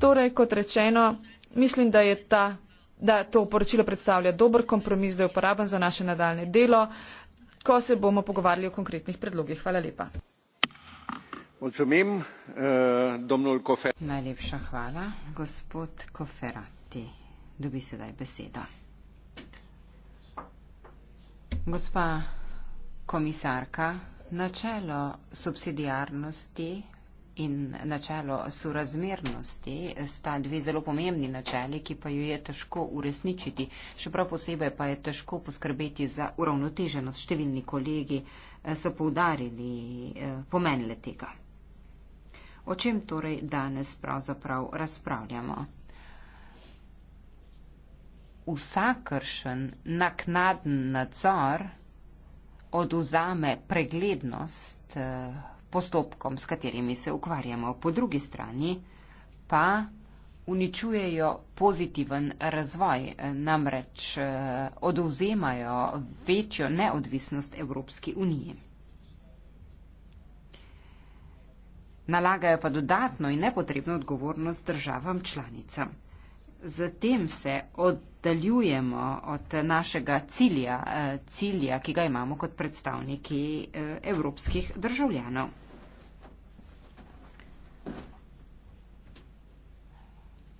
Torej, kot rečeno, mislim, da je ta, da to poročilo predstavlja dober kompromis, da je uporaben za naše nadaljne delo, ko se bomo pogovarjali o konkretnih predlogih. Hvala lepa. Eh, Najlepša hvala, gospod Koferati dobi sedaj besedo. Gospa komisarka, načelo subsidijarnosti in načelo sorazmernosti sta dve zelo pomembni načeli, ki pa jo je težko uresničiti. Še prav posebej pa je težko poskrbeti za uravnoteženost. Številni kolegi eh, so poudarili eh, pomen le tega. O čem torej danes pravzaprav razpravljamo? vsakršen naknaden nadzor oduzame preglednost eh, postopkom, s katerimi se ukvarjamo, po drugi strani pa uničujejo pozitiven razvoj, eh, namreč eh, oduzemajo večjo neodvisnost Evropski uniji. Nalagajo pa dodatno in nepotrebno odgovornost državam članicam. Zatem se oddaljujemo od našega cilja, eh, cilja, ki ga imamo kot predstavniki eh, evropskih državljanov.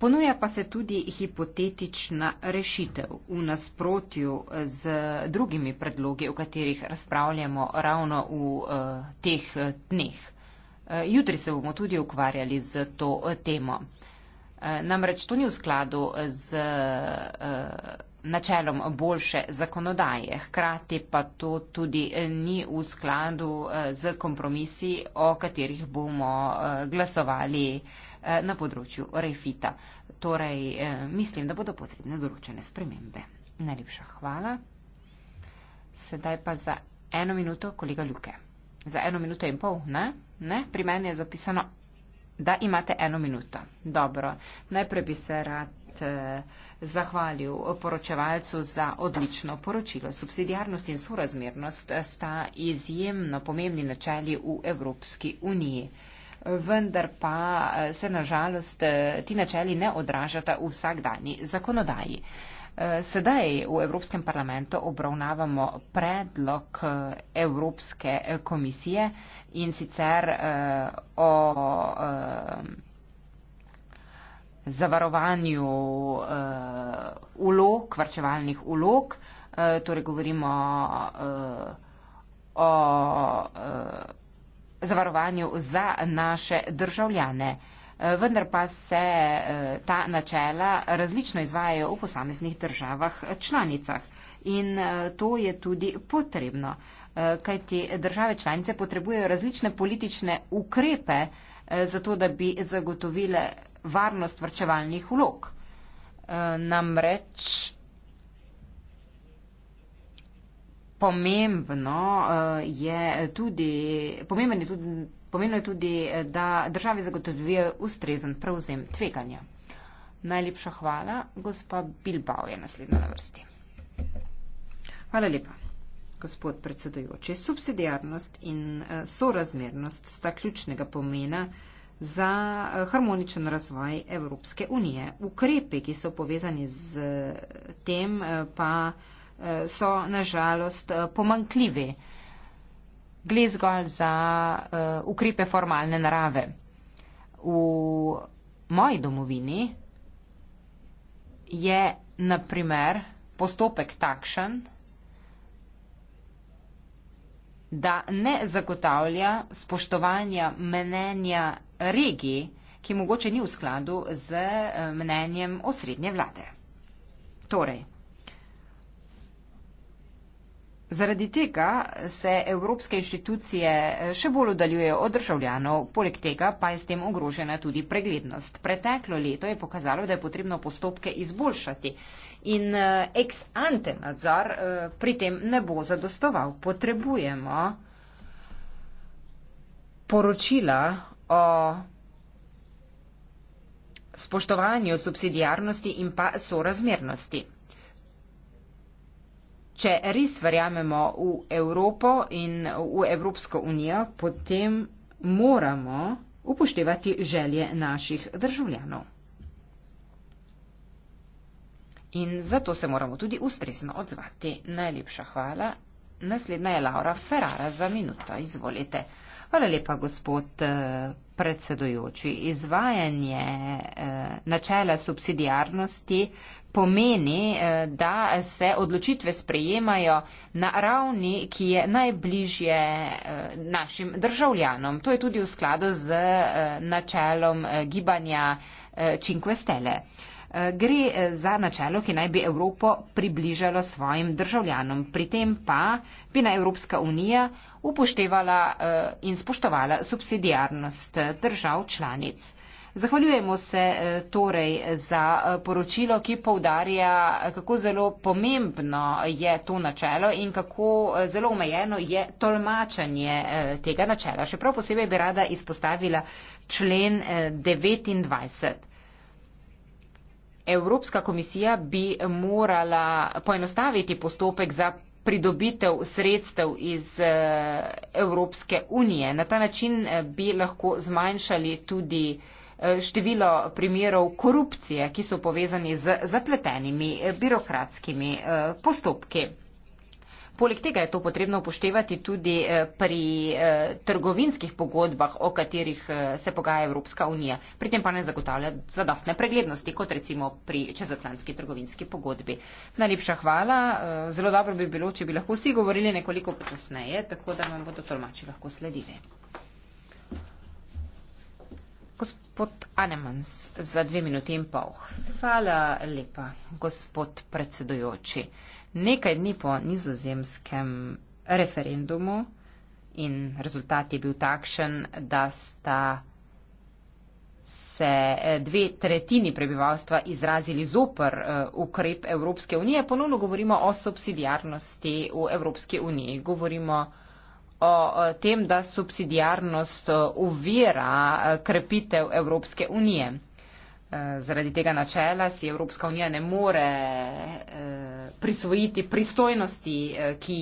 Ponuja pa se tudi hipotetična rešitev v nasprotju eh, z drugimi predlogi, o katerih razpravljamo ravno v teh dneh. Jutri se bomo tudi ukvarjali z to temo. Eh, namreč to ni v skladu z eh, načelom boljše zakonodaje, hkrati pa to tudi eh, ni v skladu z kompromisi, o katerih bomo glasovali na področju refita. Torej, mislim, da bodo potrebne določene spremembe. Najlepša hvala. Sedaj pa za eno minuto, kolega Ljuke. Za eno minuto in pol, ne? ne? Pri meni je zapisano da imate eno minuto. Dobro, najprej bi se rad eh, zahvalil poročevalcu za odlično poročilo. Subsidijarnost in sorazmernost eh, sta izjemno pomembni načeli v Evropski uniji. Vendar pa eh, se na žalost ti načeli ne odražata v vsakdani zakonodaji. Eh, sedaj v Evropskem parlamentu obravnavamo predlog eh, Evropske eh, komisije in sicer o zavarovanju ulog, kvarčevalnih ulog, torej govorimo o zavarovanju za naše državljane vendar pa se eh, ta načela različno izvajajo v posameznih državah eh, članicah. In eh, to je tudi potrebno, kajti države članice potrebujejo različne politične ukrepe, zato da bi zagotovile varnost vrčevalnih vlog. Namreč pomembno je tudi, pomembno je tudi Pomenilo je tudi, eh, da državi zagotovijo ustrezen prevzem tveganja. Najlepša hvala, gospa Bilbao je naslednja na vrsti. Hvala lepa, gospod predsedujoči. Subsidijarnost in eh, sorazmernost sta ključnega pomena za eh, harmoničen razvoj Evropske unije. Ukrepe, ki so povezani z tem, pa so nažalost pomankljivi gre zgolj za uh, eh, ukripe formalne narave. V moji domovini je naprimer postopek takšen, da ne zagotavlja spoštovanja mnenja regiji, ki mogoče ni v skladu z eh, mnenjem osrednje vlade. Torej, Zaradi tega se evropske inštitucije eh, še bolj oddaljujejo od državljanov, poleg tega pa je s tem ogrožena tudi preglednost. Preteklo leto je pokazalo, da je potrebno postopke izboljšati in eh, ex ante nadzor eh, pri tem ne bo zadostoval. Potrebujemo poročila o spoštovanju subsidijarnosti in pa sorazmernosti. Če res verjamemo v Evropo in v Evropsko unijo, potem moramo upoštevati želje naših državljanov. In zato se moramo tudi ustrezno odzvati. Najlepša hvala. Naslednja je Laura Ferrara za minuto. Izvolite. Hvala lepa, gospod eh, predsedujoči. Izvajanje eh, načela subsidijarnosti pomeni, eh, da se odločitve sprejemajo na ravni, ki je najbližje našim državljanom. To je tudi v skladu z načelom gibanja Cinque Stelle. Eh, gre eh, za načelo, ki naj bi Evropo približalo svojim državljanom. Pri tem pa bi na Evropska unija upoštevala eh, in spoštovala subsidijarnost držav članic. Zahvaljujemo se torej za poročilo, ki povdarja, kako zelo pomembno je to načelo in kako zelo omejeno je tolmačanje tega načela. Še prav posebej bi rada izpostavila člen 29. Evropska komisija bi morala poenostaviti postopek za pridobitev sredstev iz eh, Evropske unije. Na ta način eh, bi lahko zmanjšali tudi eh, število primerov korupcije, ki so povezani z zapletenimi birokratskimi postopki. Poleg tega je to potrebno upoštevati tudi eh, pri eh, trgovinskih pogodbah, o katerih eh, se pogaja Evropska unija. Pri tem pa ne zagotavlja zadostne preglednosti, kot recimo pri čezatlantski trgovinski pogodbi. Najlepša hvala. Zelo dobro bi bilo, če bi lahko vsi govorili nekoliko počasneje, tako da nam bodo tolmači lahko sledili. Gospod Anemans, za dve minuti in pol. Hvala lepa, gospod predsedujoči nekaj dni po nizozemskem referendumu in rezultat je bil takšen, da sta se eh, dve tretjini prebivalstva izrazili zoper eh, ukrep Evropske unije. Ponovno govorimo o subsidijarnosti v Evropske uniji. Govorimo o tem, da subsidijarnost uvira eh, krepitev Evropske unije. Eh, zaradi tega načela si Evropska unija ne more eh, prisvojiti pristojnosti, eh, ki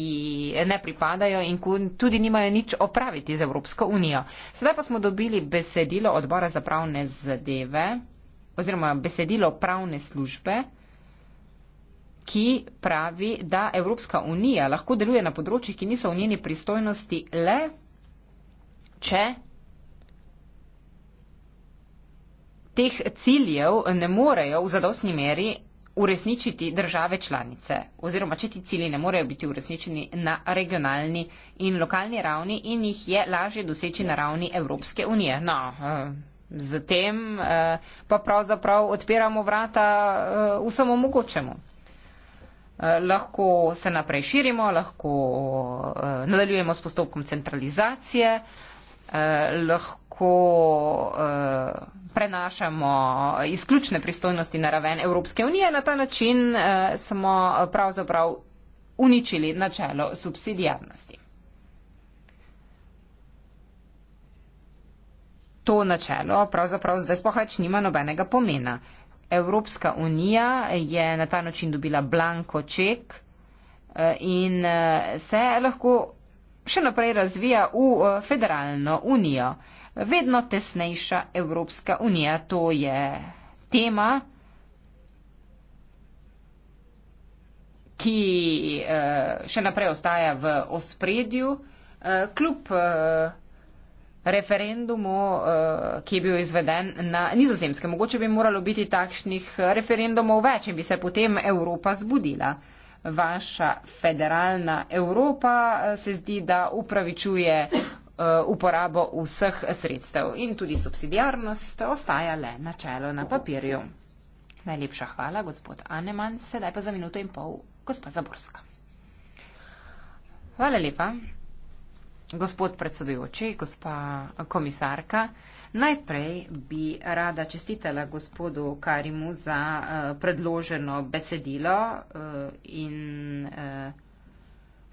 ne pripadajo in tudi nimajo nič opraviti z Evropsko unijo. Sedaj pa smo dobili besedilo odbora za pravne zadeve oziroma besedilo pravne službe ki pravi, da Evropska unija lahko deluje na področjih, ki niso v njeni pristojnosti le, če teh ciljev ne morejo v zadostni meri uresničiti države članice oziroma če ti cilji ne morejo biti uresničeni na regionalni in lokalni ravni in jih je lažje doseči na ravni Evropske unije. No, z eh, tem eh, pa pravzaprav odpiramo vrata eh, vsemu mogočemu. Lahko se naprej širimo, lahko nadaljujemo s postopkom centralizacije, eh, lahko eh, prenašamo izključne pristojnosti na raven Evropske unije. Na ta način eh, smo pravzaprav uničili načelo subsidijarnosti. To načelo pravzaprav zdaj spohač nima nobenega pomena. Evropska unija je na ta način dobila blanko ček eh, in eh, se lahko še naprej razvija v eh, federalno unijo. Vedno tesnejša Evropska unija, to je tema, ki eh, še naprej ostaja v ospredju. Eh, kljub referendumu, ki je bil izveden na nizozemske, mogoče bi moralo biti takšnih referendumov več in bi se potem Evropa zbudila vaša federalna Evropa eh, se zdi, da upravičuje eh, uporabo vseh sredstev in tudi subsidijarnost ostaja le načelo na papirju. Najlepša hvala, gospod Aneman. Sedaj pa za minuto in pol, gospod Zaborska. Hvala lepa, gospod predsedujoči, gospa komisarka. Najprej bi rada čestitela gospodu Karimu za uh, predloženo besedilo uh, in uh,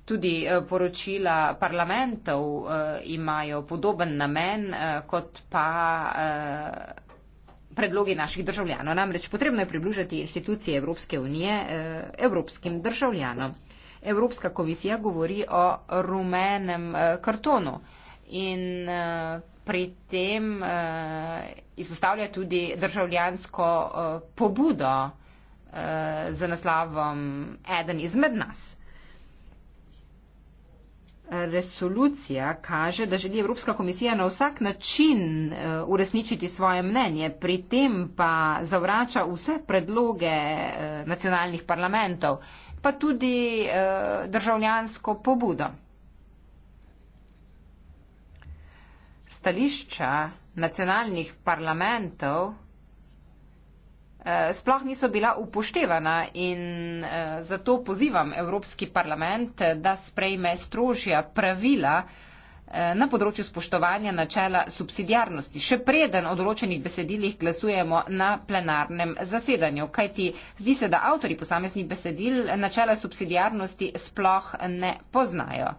tudi uh, poročila parlamentov uh, imajo podoben namen uh, kot pa. Uh, predlogi naših državljanov. Namreč potrebno je približati institucije Evropske unije evropskim državljanom. Evropska komisija govori o rumenem kartonu in pri tem uh, izpostavlja tudi državljansko uh, pobudo uh, z naslavom Eden izmed nas. Resolucija kaže, da želi Evropska komisija na vsak način uh, uresničiti svoje mnenje, pri tem pa zavrača vse predloge uh, nacionalnih parlamentov, pa tudi uh, državljansko pobudo. stališča nacionalnih parlamentov eh, sploh niso bila upoštevana in eh, zato pozivam Evropski parlament, eh, da sprejme strožja pravila na področju spoštovanja načela subsidijarnosti. Še preden o določenih besedilih glasujemo na plenarnem zasedanju, kajti zdi se, da avtori posameznih besedil načela subsidijarnosti sploh ne poznajo.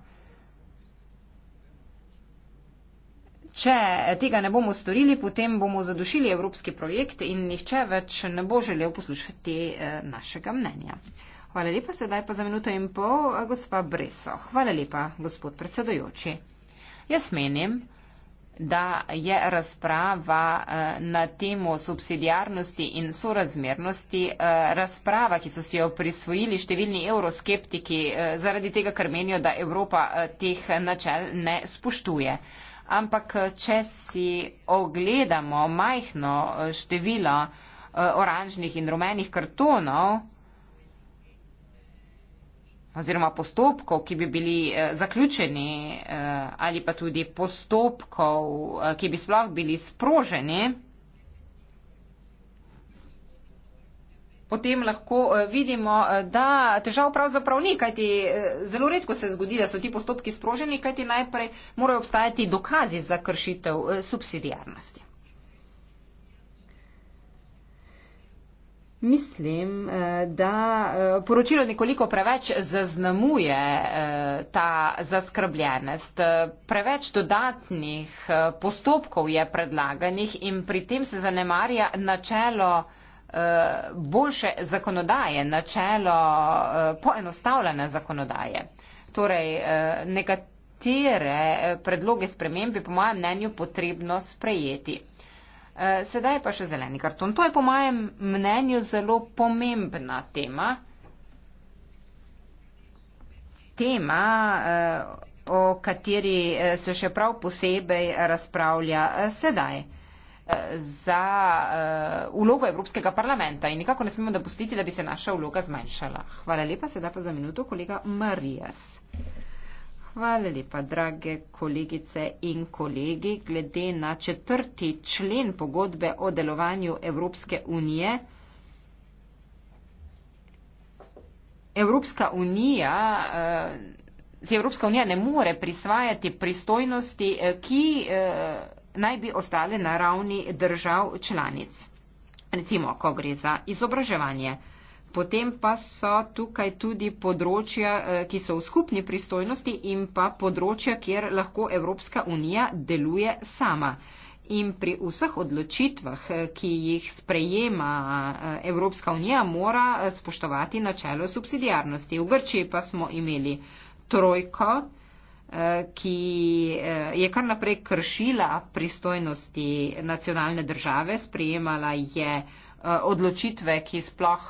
Če tega ne bomo storili, potem bomo zadušili evropski projekt in nihče več ne bo želel poslušati eh, našega mnenja. Hvala lepa, sedaj pa za minuto in pol, eh, gospa Breso. Hvala lepa, gospod predsedojoči. Jaz menim, da je razprava eh, na temo subsidijarnosti in sorazmernosti razprava, ki so si jo prisvojili številni euroskeptiki zaradi tega, ker menijo, da Evropa teh načel ne spoštuje ampak če si ogledamo majhno eh, število eh, oranžnih in rumenih kartonov oziroma postopkov, ki bi bili eh, zaključeni ali pa tudi postopkov, ki bi sploh bili sproženi, potem lahko eh, vidimo, eh, da težav pravzaprav ni, kajti eh, zelo redko se zgodi, da so ti postopki sproženi, kajti najprej morajo obstajati dokazi za kršitev subsidijarnosti. Mislim, da poročilo nekoliko preveč zaznamuje ta zaskrbljenost. Preveč dodatnih postopkov je predlaganih in pri tem se zanemarja načelo Eh, boljše zakonodaje, načelo eh, poenostavljene zakonodaje. Torej, eh, nekatere predloge sprememb je po mojem mnenju potrebno sprejeti. Sedaj pa še zeleni karton. To je po mojem mnenju zelo pomembna tema. Tema, o kateri se še prav posebej razpravlja sedaj za uh, vlogo Evropskega parlamenta in nikako ne smemo dopustiti, da bi se naša vloga zmanjšala. Hvala lepa, sedaj pa za minuto kolega Marijas. Hvala lepa, drage kolegice in kolegi. Glede na četrti člen pogodbe o delovanju Evropske unije, Evropska unija. Uh, Evropska unija ne more prisvajati pristojnosti, eh, ki. Uh, naj bi ostale na ravni držav članic. Recimo, ko gre za izobraževanje. Potem pa so tukaj tudi področja, eh, ki so v skupni pristojnosti in pa področja, kjer lahko Evropska unija deluje sama. In pri vseh odločitvah, eh, ki jih sprejema eh, Evropska unija, mora spoštovati načelo subsidijarnosti. V Grčiji pa smo imeli trojko, Eh, ki eh, je kar naprej kršila pristojnosti nacionalne države, sprejemala je eh, odločitve, ki sploh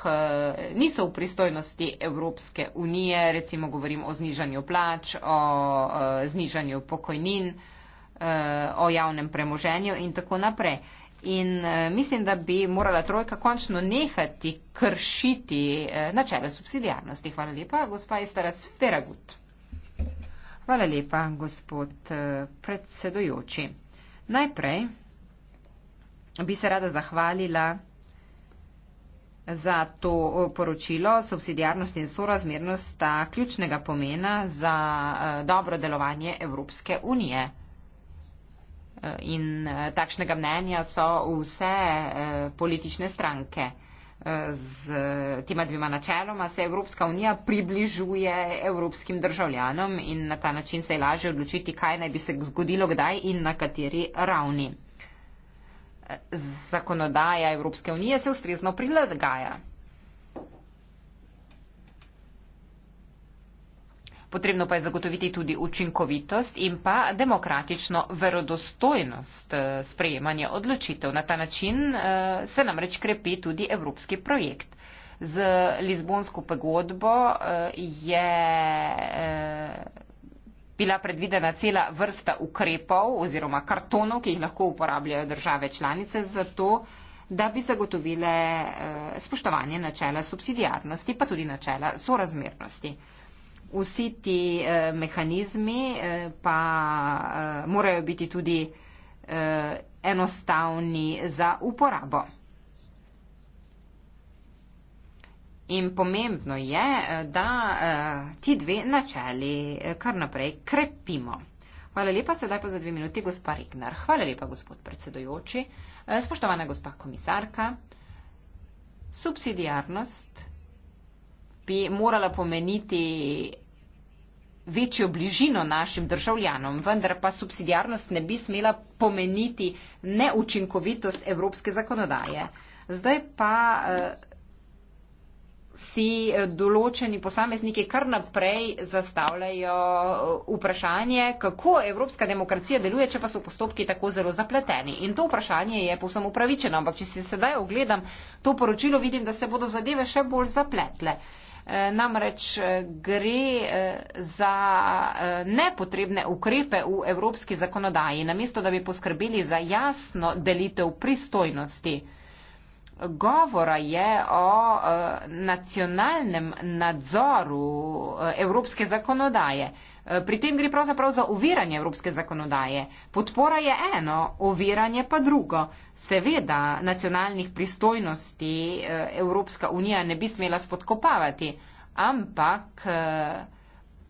niso v pristojnosti Evropske unije, recimo govorim o znižanju plač, o znižanju pokojnin, o javnem premoženju in tako naprej. In mislim, da bi morala trojka končno nehati kršiti načele subsidijarnosti. Hvala lepa, gospa Estara Sferagut. Hvala lepa, gospod eh, predsedujoči. Najprej bi se rada zahvalila za to eh, poročilo. Subsidijarnost in sorazmernost sta ključnega pomena za eh, dobro delovanje Evropske unije. In takšnega mnenja so vse politične stranke z tema dvima načeloma se Evropska unija približuje evropskim državljanom in na ta način se je lažje odločiti, kaj naj bi se zgodilo, kdaj in na kateri ravni. Zakonodaja Evropske unije se ustrezno prilagaja Potrebno pa je zagotoviti tudi učinkovitost in pa demokratično verodostojnost eh, sprejemanja odločitev. Na ta način eh, se namreč krepi tudi evropski projekt. Z Lizbonsko pogodbo eh, je bila predvidena cela vrsta ukrepov oziroma kartonov, ki jih lahko uporabljajo države članice za to, da bi zagotovile spoštovanje načela subsidijarnosti, pa tudi načela sorazmernosti vsi ti eh, mehanizmi eh, pa eh, morajo biti tudi eh, enostavni za uporabo. In pomembno je, eh, da eh, ti dve načeli eh, kar naprej krepimo. Hvala lepa, sedaj pa za dve minuti, gospa Rignar. Hvala lepa, gospod predsedojoči. Eh, spoštovana gospa komisarka, subsidijarnost bi morala pomeniti večjo bližino našim državljanom, vendar pa subsidijarnost ne bi smela pomeniti neučinkovitost evropske zakonodaje. Zdaj pa eh, si eh, določeni posamezniki kar naprej zastavljajo eh, vprašanje, kako evropska demokracija deluje, če pa so postopki tako zelo zapleteni. In to vprašanje je povsem upravičeno, ampak če si sedaj ogledam to poročilo, vidim, da se bodo zadeve še bolj zapletle. Uh, namreč eh, gre eh, za eh, nepotrebne ukrepe v evropski zakonodaji, namesto da bi poskrbeli za jasno delitev pristojnosti. Govora je o nacionalnem nadzoru evropske zakonodaje. Eh, pri tem gre pravzaprav za oviranje evropske zakonodaje. Podpora je eno, oviranje pa drugo. Seveda nacionalnih pristojnosti eh, Evropska unija ne bi smela spodkopavati, ampak eh,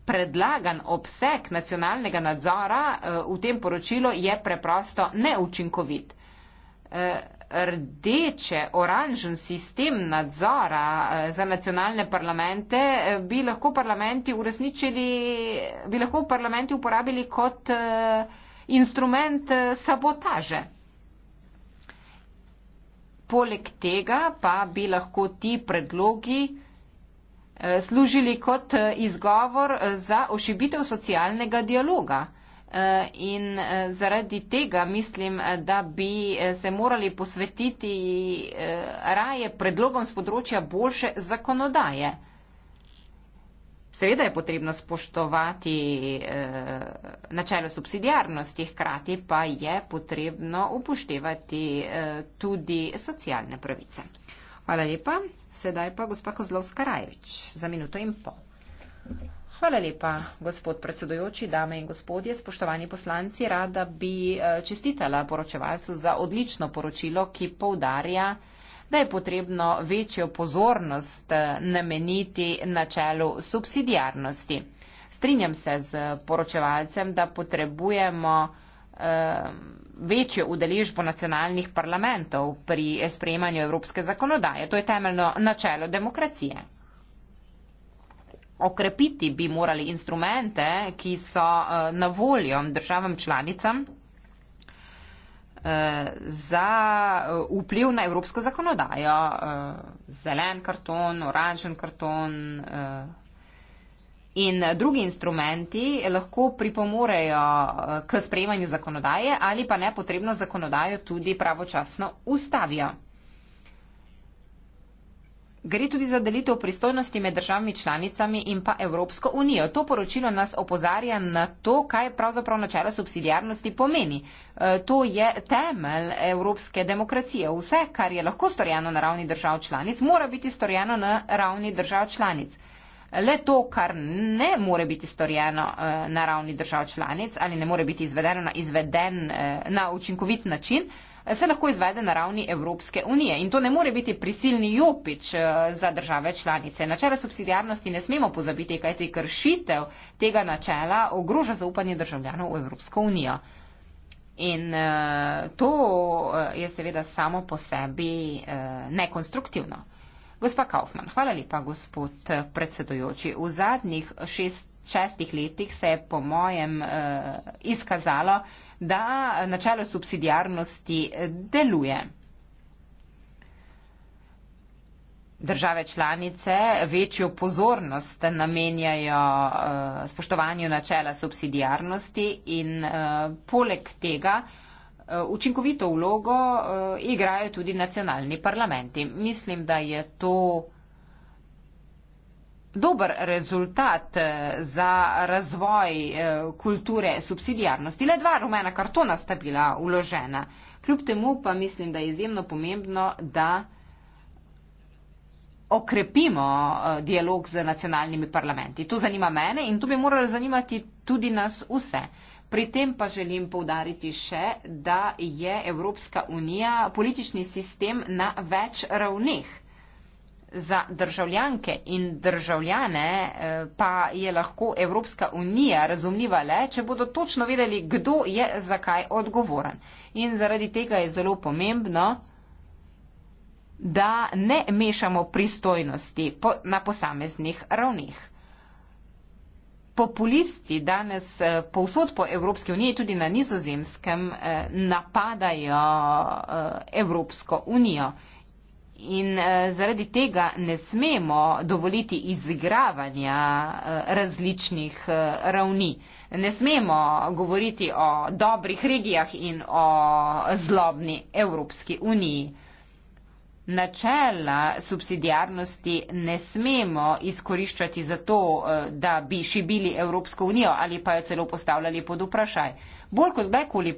predlagan obseg nacionalnega nadzora v tem poročilu je preprosto neučinkovit rdeče, oranžen sistem nadzora eh, za nacionalne parlamente eh, bi lahko parlamenti uresničili, bi lahko parlamenti uporabili kot eh, instrument sabotaže. Poleg tega pa bi lahko ti predlogi služili kot izgovor za ošibitev socialnega dialoga. Eh, in eh, zaradi tega mislim, eh, da bi se morali posvetiti raje predlogom z področja boljše zakonodaje. Seveda je potrebno spoštovati načelo subsidijarnosti, hkrati pa je potrebno upoštevati tudi socialne pravice. Hvala lepa. Sedaj pa gospa Kozlovska Rajevič za minuto in pol. Hvala lepa, gospod predsedujoči, dame in gospodje, spoštovani poslanci. Rada bi eh, čestitala poročevalcu za odlično poročilo, ki poudarja, da je potrebno večjo pozornost eh, nameniti načelu subsidijarnosti. Strinjam se z poročevalcem, da potrebujemo eh, večjo udeležbo nacionalnih parlamentov pri sprejemanju evropske zakonodaje. To je temeljno načelo demokracije okrepiti bi morali instrumente, ki so eh, na voljo državam članicam eh, za eh, vpliv na evropsko zakonodajo. Zelen karton, oranžen karton in drugi instrumenti lahko pripomorejo k sprejemanju zakonodaje ali pa nepotrebno zakonodajo tudi pravočasno ustavijo. Gre tudi za delitev pristojnosti med državami članicami in pa Evropsko unijo. To poročilo nas opozarja na to, kaj pravzaprav načelo subsidijarnosti pomeni. E, to je temelj evropske demokracije. Vse, kar je lahko storjeno na ravni držav članic, mora biti storjeno na ravni držav članic. Le to, kar ne more biti storjeno e, na ravni držav članic ali ne more biti izvedeno na, izveden, e, na učinkovit način, se lahko izvede na ravni Evropske unije. In to ne more biti prisilni jopič eh, za države članice. Načela subsidijarnosti ne smemo pozabiti, kajti kršitev tega načela ogroža zaupanje državljanov v Evropsko unijo. In eh, to eh, je seveda samo po sebi nekonstruktivno. Gospa Kaufmann, hvala lepa, gospod predsedujoči. V zadnjih šest, šestih letih se je po mojem eh, izkazalo, da načelo subsidiarnosti deluje. Države članice večjo pozornost namenjajo eh, spoštovanju načela subsidiarnosti in eh, poleg tega eh, učinkovito vlogo igrajo tudi nacionalni parlamenti. Mislim, da je to dober rezultat eh, za razvoj eh, kulture subsidijarnosti. Le dva rumena kartona sta bila uložena. Kljub temu pa mislim, da je izjemno pomembno, da okrepimo eh, dialog z nacionalnimi parlamenti. To zanima mene in to bi moralo zanimati tudi nas vse. Pri tem pa želim povdariti še, da je Evropska unija politični sistem na več ravneh za državljanke in državljane eh, pa je lahko Evropska unija razumljiva le, če bodo točno vedeli, kdo je zakaj odgovoren. In zaradi tega je zelo pomembno, da ne mešamo pristojnosti na posameznih ravnih. Populisti danes eh, povsod po Evropski uniji, tudi na nizozemskem, eh, napadajo Evropsko unijo. In eh, zaradi tega ne smemo dovoliti izigravanja eh, različnih eh, ravni. Ne smemo govoriti o dobrih regijah in o zlobni Evropski uniji. Načela subsidijarnosti ne smemo izkoriščati zato, da bi šibili Evropsko unijo ali pa jo celo postavljali pod vprašaj. Bolj kot kdajkoli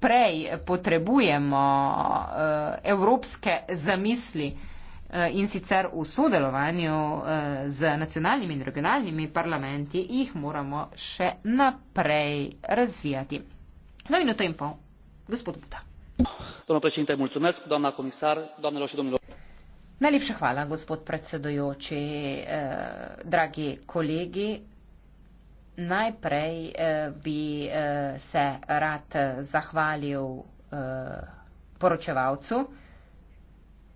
prej potrebujemo eh, evropske zamisli eh, in sicer v sodelovanju eh, z nacionalnimi in regionalnimi parlamenti, jih moramo še naprej razvijati. Na minuto in pol, gospod Buta. Najlepša hvala, gospod predsedujoči, eh, dragi kolegi. Najprej eh, bi eh, se rad eh, zahvalil poročevalcu.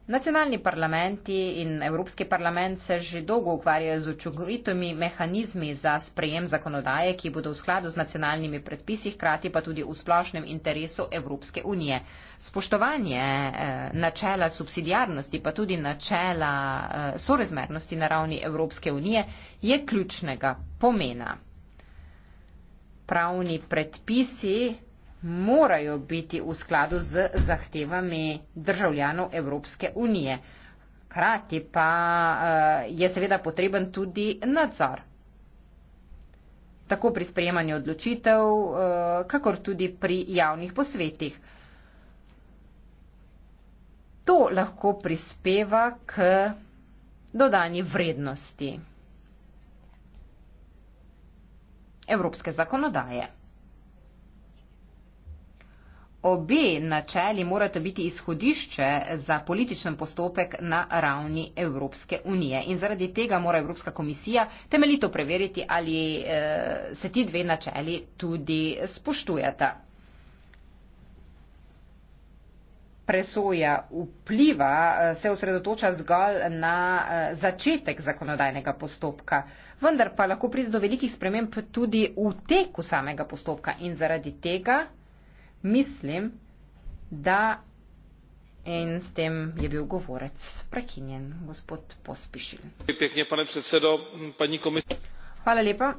Nacionalni parlamenti in Evropski parlament se že dolgo ukvarjajo z učinkovitimi mehanizmi za sprejem zakonodaje, ki bodo v skladu z nacionalnimi predpisi, hkrati pa tudi v splošnem interesu Evropske unije. Spoštovanje načela subsidijarnosti pa tudi načela sorezmernosti na ravni Evropske unije je ključnega pomena pravni predpisi morajo biti v skladu z zahtevami državljanov Evropske unije. Hkrati pa eh, je seveda potreben tudi nadzor. Tako pri sprejemanju odločitev, eh, kakor tudi pri javnih posvetih. To lahko prispeva k dodani vrednosti. evropske zakonodaje. Obe načeli morata biti izhodišče za političen postopek na ravni Evropske unije in zaradi tega mora Evropska komisija temeljito preveriti, ali eh, se ti dve načeli tudi spoštujata. presoja vpliva eh, se osredotoča zgolj na eh, začetek zakonodajnega postopka, vendar pa lahko pride do velikih sprememb tudi v teku samega postopka in zaradi tega mislim, da in s tem je bil govorec prekinjen, gospod Pospišil. Hvala lepa.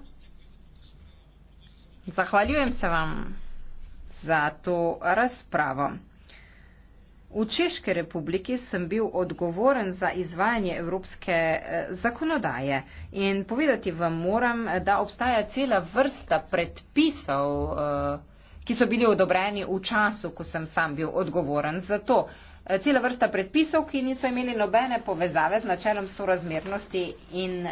Zahvaljujem se vam za to razpravo. V Češki republiki sem bil odgovoren za izvajanje evropske eh, zakonodaje in povedati vam moram, da obstaja cela vrsta predpisov, eh, ki so bili odobreni v času, ko sem sam bil odgovoren za to. Eh, cela vrsta predpisov, ki niso imeli nobene povezave z načelom sorazmernosti in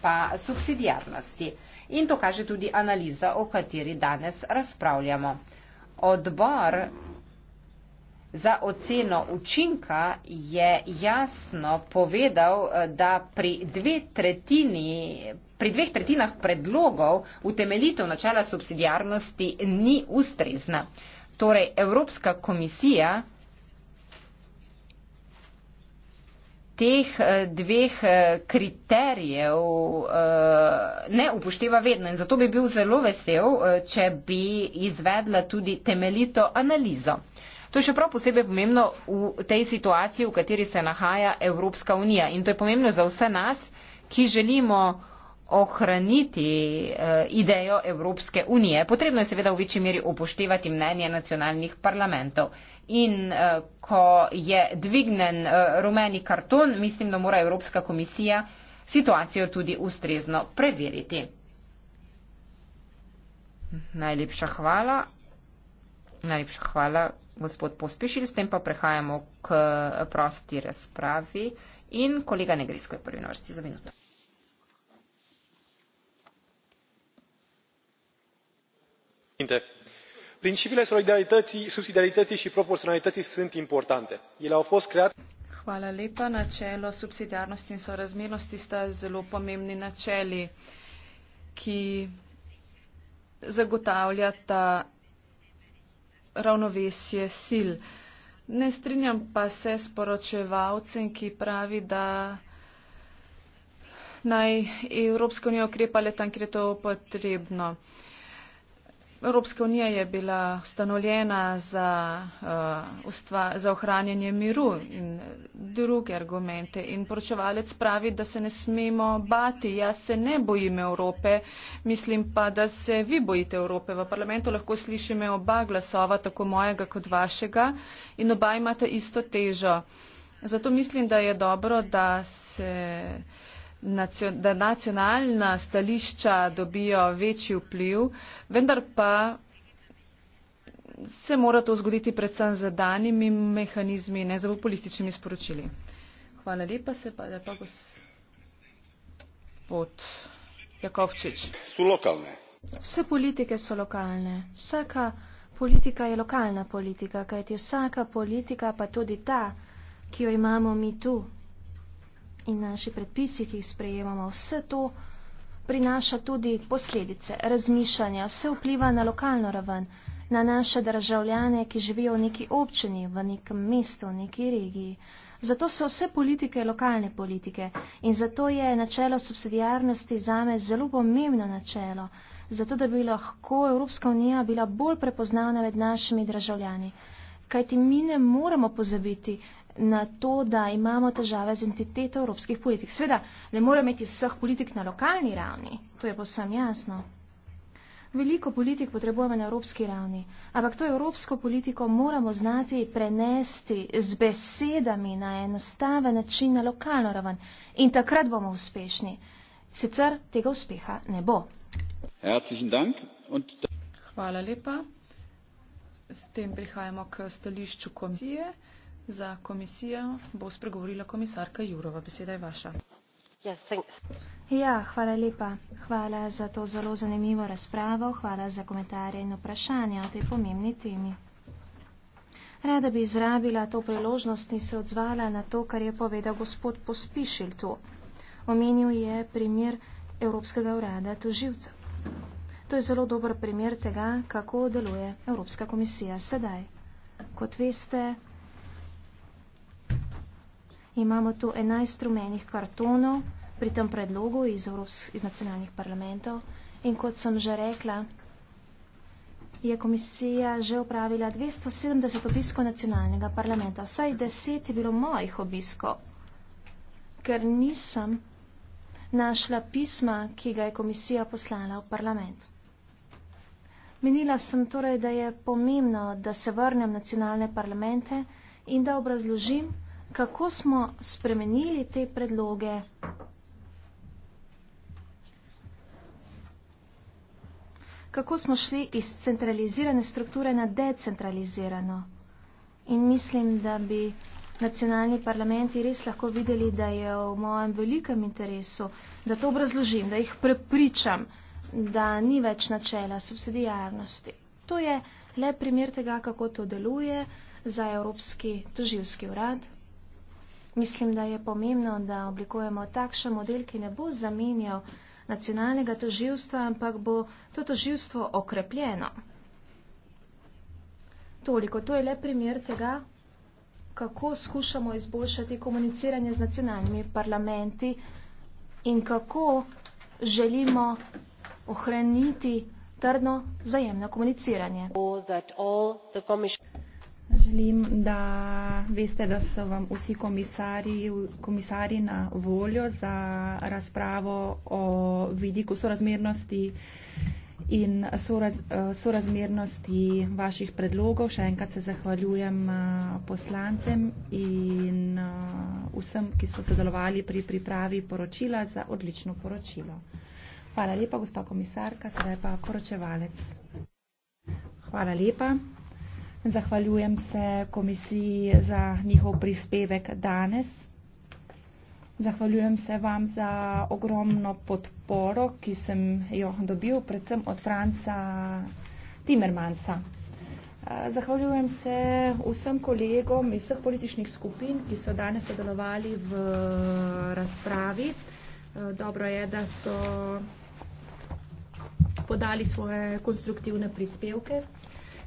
pa subsidijarnosti. In to kaže tudi analiza, o kateri danes razpravljamo. Odbor za oceno učinka je jasno povedal, eh, da pri, dve tretjini, pri dveh tretjinah predlogov utemeljitev načela subsidijarnosti ni ustrezna. Torej, Evropska komisija teh eh, dveh eh, kriterijev ne upošteva vedno in zato bi bil zelo vesel, če bi izvedla tudi temeljito analizo. To je še prav posebej pomembno v tej situaciji, v kateri se nahaja Evropska unija. In to je pomembno za vse nas, ki želimo ohraniti eh, idejo Evropske unije. Potrebno je seveda v večji meri upoštevati mnenje nacionalnih parlamentov. In eh, ko je dvignen eh, rumeni karton, mislim, da mora Evropska komisija situacijo tudi ustrezno preveriti. Najlepša hvala. Najlepša hvala gospod Pospešil, s tem pa prehajamo k eh, prosti razpravi. In kolega Negrisko je prvi na vrsti za minuto. Principiile solidarității, subsidiarității și proporționalității sunt importante. Ele au fost create. Hvala lepa. Načelo subsidiarnosti in sorazmernosti sta zelo pomembni načeli, ki zagotavljata ravnovesje sil. Ne strinjam pa se s poročevalcem, ki pravi, da naj Evropska unija ukrepa le tam, kjer je to potrebno. Uh, evropska unija je bila ustanovljena za, uh, ustva, za ohranjanje miru in druge argumente. In poročevalec pravi, da se ne smemo bati. Jaz se ne bojim Evrope, mislim pa, da se vi bojite Evrope. V parlamentu lahko slišime oba glasova, tako mojega kot vašega, in oba imate isto težo. Zato mislim, da je dobro, da se. Uh, da nacionalna stališča dobijo večji vpliv, vendar pa se mora to zgoditi predvsem z danimi mehanizmi, ne z populističnimi sporočili. Hvala lepa, se pa je pa gospod Jakovčič. So lokalne. Vse politike so lokalne. Vsaka politika je lokalna politika, kajti vsaka politika, pa tudi ta, ki jo imamo mi tu in naši predpisi, ki jih sprejemamo, vse to prinaša tudi posledice, razmišljanja, vse vpliva na lokalno raven, na naše državljane, ki živijo v neki občini, v nekem mestu, v neki regiji. Zato so vse politike lokalne politike in zato je načelo subsidijarnosti zame zelo pomembno načelo, zato da bi lahko Evropska unija bila bolj prepoznavna med našimi državljani. Kajti mi ne moremo pozabiti, na to, da imamo težave z entiteto evropskih politik. Sveda, ne more imeti vseh politik na lokalni ravni, to je posem jasno. Veliko politik potrebujemo na evropski ravni, ampak to evropsko politiko moramo znati prenesti z besedami na enostaven način na lokalno raven in takrat bomo uspešni. Sicer tega uspeha ne bo. Hvala lepa. S tem prihajamo k stališču komisije. Za komisijo bo spregovorila komisarka Jurova. Beseda je vaša. Yes, ja, hvala lepa. Hvala za to zelo zanimivo razpravo. Hvala za komentarje in vprašanja o tej pomembni temi. Rada bi izrabila to priložnost in se odzvala na to, kar je povedal gospod Pospišil tu. Omenil je primer Evropskega urada toživca. To je zelo dober primer tega, kako deluje Evropska komisija sedaj. Kot veste, imamo tu 11 rumenih kartonov pri tem predlogu iz, Evrops iz nacionalnih parlamentov in kot sem že rekla, je komisija že upravila 270 obiskov nacionalnega parlamenta. Vsaj deset je bilo mojih obiskov, ker nisem našla pisma, ki ga je komisija poslala v parlament. Menila sem torej, da je pomembno, da se vrnem nacionalne parlamente in da obrazložim, kako smo spremenili te predloge. Kako smo šli iz centralizirane strukture na decentralizirano. In mislim, da bi nacionalni parlamenti res lahko videli, da je v mojem velikem interesu, da to obrazložim, da jih prepričam, da ni več načela subsidijarnosti. To je le primer tega, kako to deluje za Evropski toživski urad. Mislim, da je pomembno, da oblikujemo takšen model, ki ne bo zamenjal nacionalnega toživstva, ampak bo to toživstvo okrepljeno. Toliko. To je le primer tega, kako skušamo izboljšati komuniciranje z nacionalnimi parlamenti in kako želimo ohraniti trdno zajemno komuniciranje. Želim, da veste, da so vam vsi komisari, komisari na voljo za razpravo o vidiku sorazmernosti in soraz, eh, sorazmernosti vaših predlogov. Še enkrat se zahvaljujem eh, poslancem in eh, vsem, ki so sodelovali pri pripravi poročila za odlično poročilo. Hvala lepa, gospa komisarka, sedaj pa poročevalec. Hvala lepa. Zahvaljujem se komisiji za njihov prispevek danes. Zahvaljujem se vam za ogromno podporo, ki sem jo dobil, predvsem od Franca Timmermansa. Zahvaljujem se vsem kolegom iz vseh političnih skupin, ki so danes sodelovali v razpravi. Dobro je, da so podali svoje konstruktivne prispevke.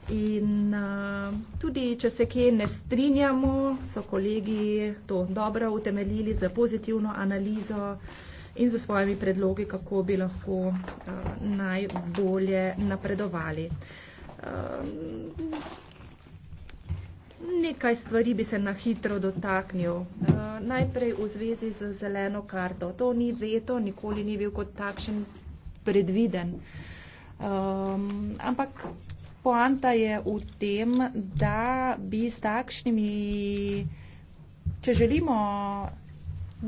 In uh, tudi, če se kje ne strinjamo, so kolegi to dobro utemeljili za pozitivno analizo in za svojimi predlogi, kako bi lahko uh, najbolje napredovali. Uh, nekaj stvari bi se na hitro dotaknil. Uh, najprej v zvezi z zeleno karto. To ni veto, nikoli ni bil kot takšen predviden. Um, ampak poanta je v tem, da bi s takšnimi, če želimo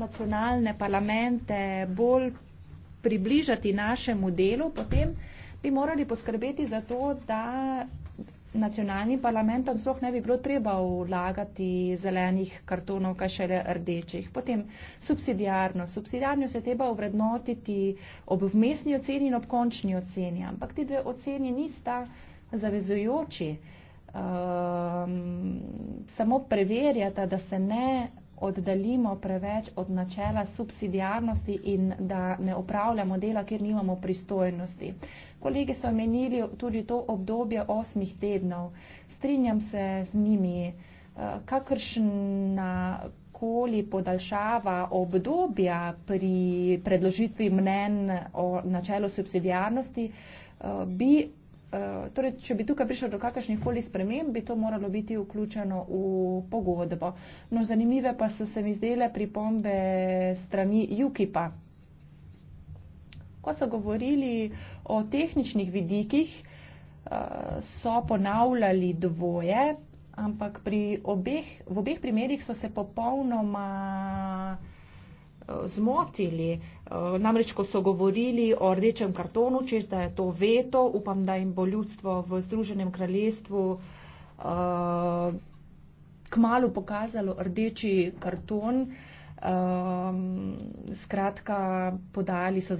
nacionalne parlamente bolj približati našemu delu, potem bi morali poskrbeti za to, da nacionalnim parlamentom sploh ne bi bilo treba vlagati zelenih kartonov, kaj šele rdečih. Potem subsidijarno. Subsidijarno se treba uvrednotiti ob vmesni oceni in ob končni oceni, ampak ti dve oceni nista zavezujoči, um, samo preverjata, da se ne oddaljimo preveč od načela subsidijarnosti in da ne opravljamo dela, kjer nimamo pristojnosti. Kolegi so omenili tudi to obdobje osmih tednov. Strinjam se z njimi, uh, kakršna koli podaljšava obdobja pri predložitvi mnen o načelu subsidijarnosti uh, bi Eh, torej, če bi tukaj prišlo do kakršnih koli sprememb, bi to moralo biti vključeno v pogodbo. No, zanimive pa so se mi zdele pripombe strani UKIP-a. Ko so govorili o tehničnih vidikih, eh, so ponavljali dvoje, ampak pri obeh, v obeh primerjih so se popolnoma eh, zmotili. Eh, namreč, ko so govorili o rdečem kartonu, čez da je to veto, upam, da jim bo ljudstvo v Združenem kraljestvu eh, kmalo pokazalo rdeči karton. Eh, skratka, podali so za.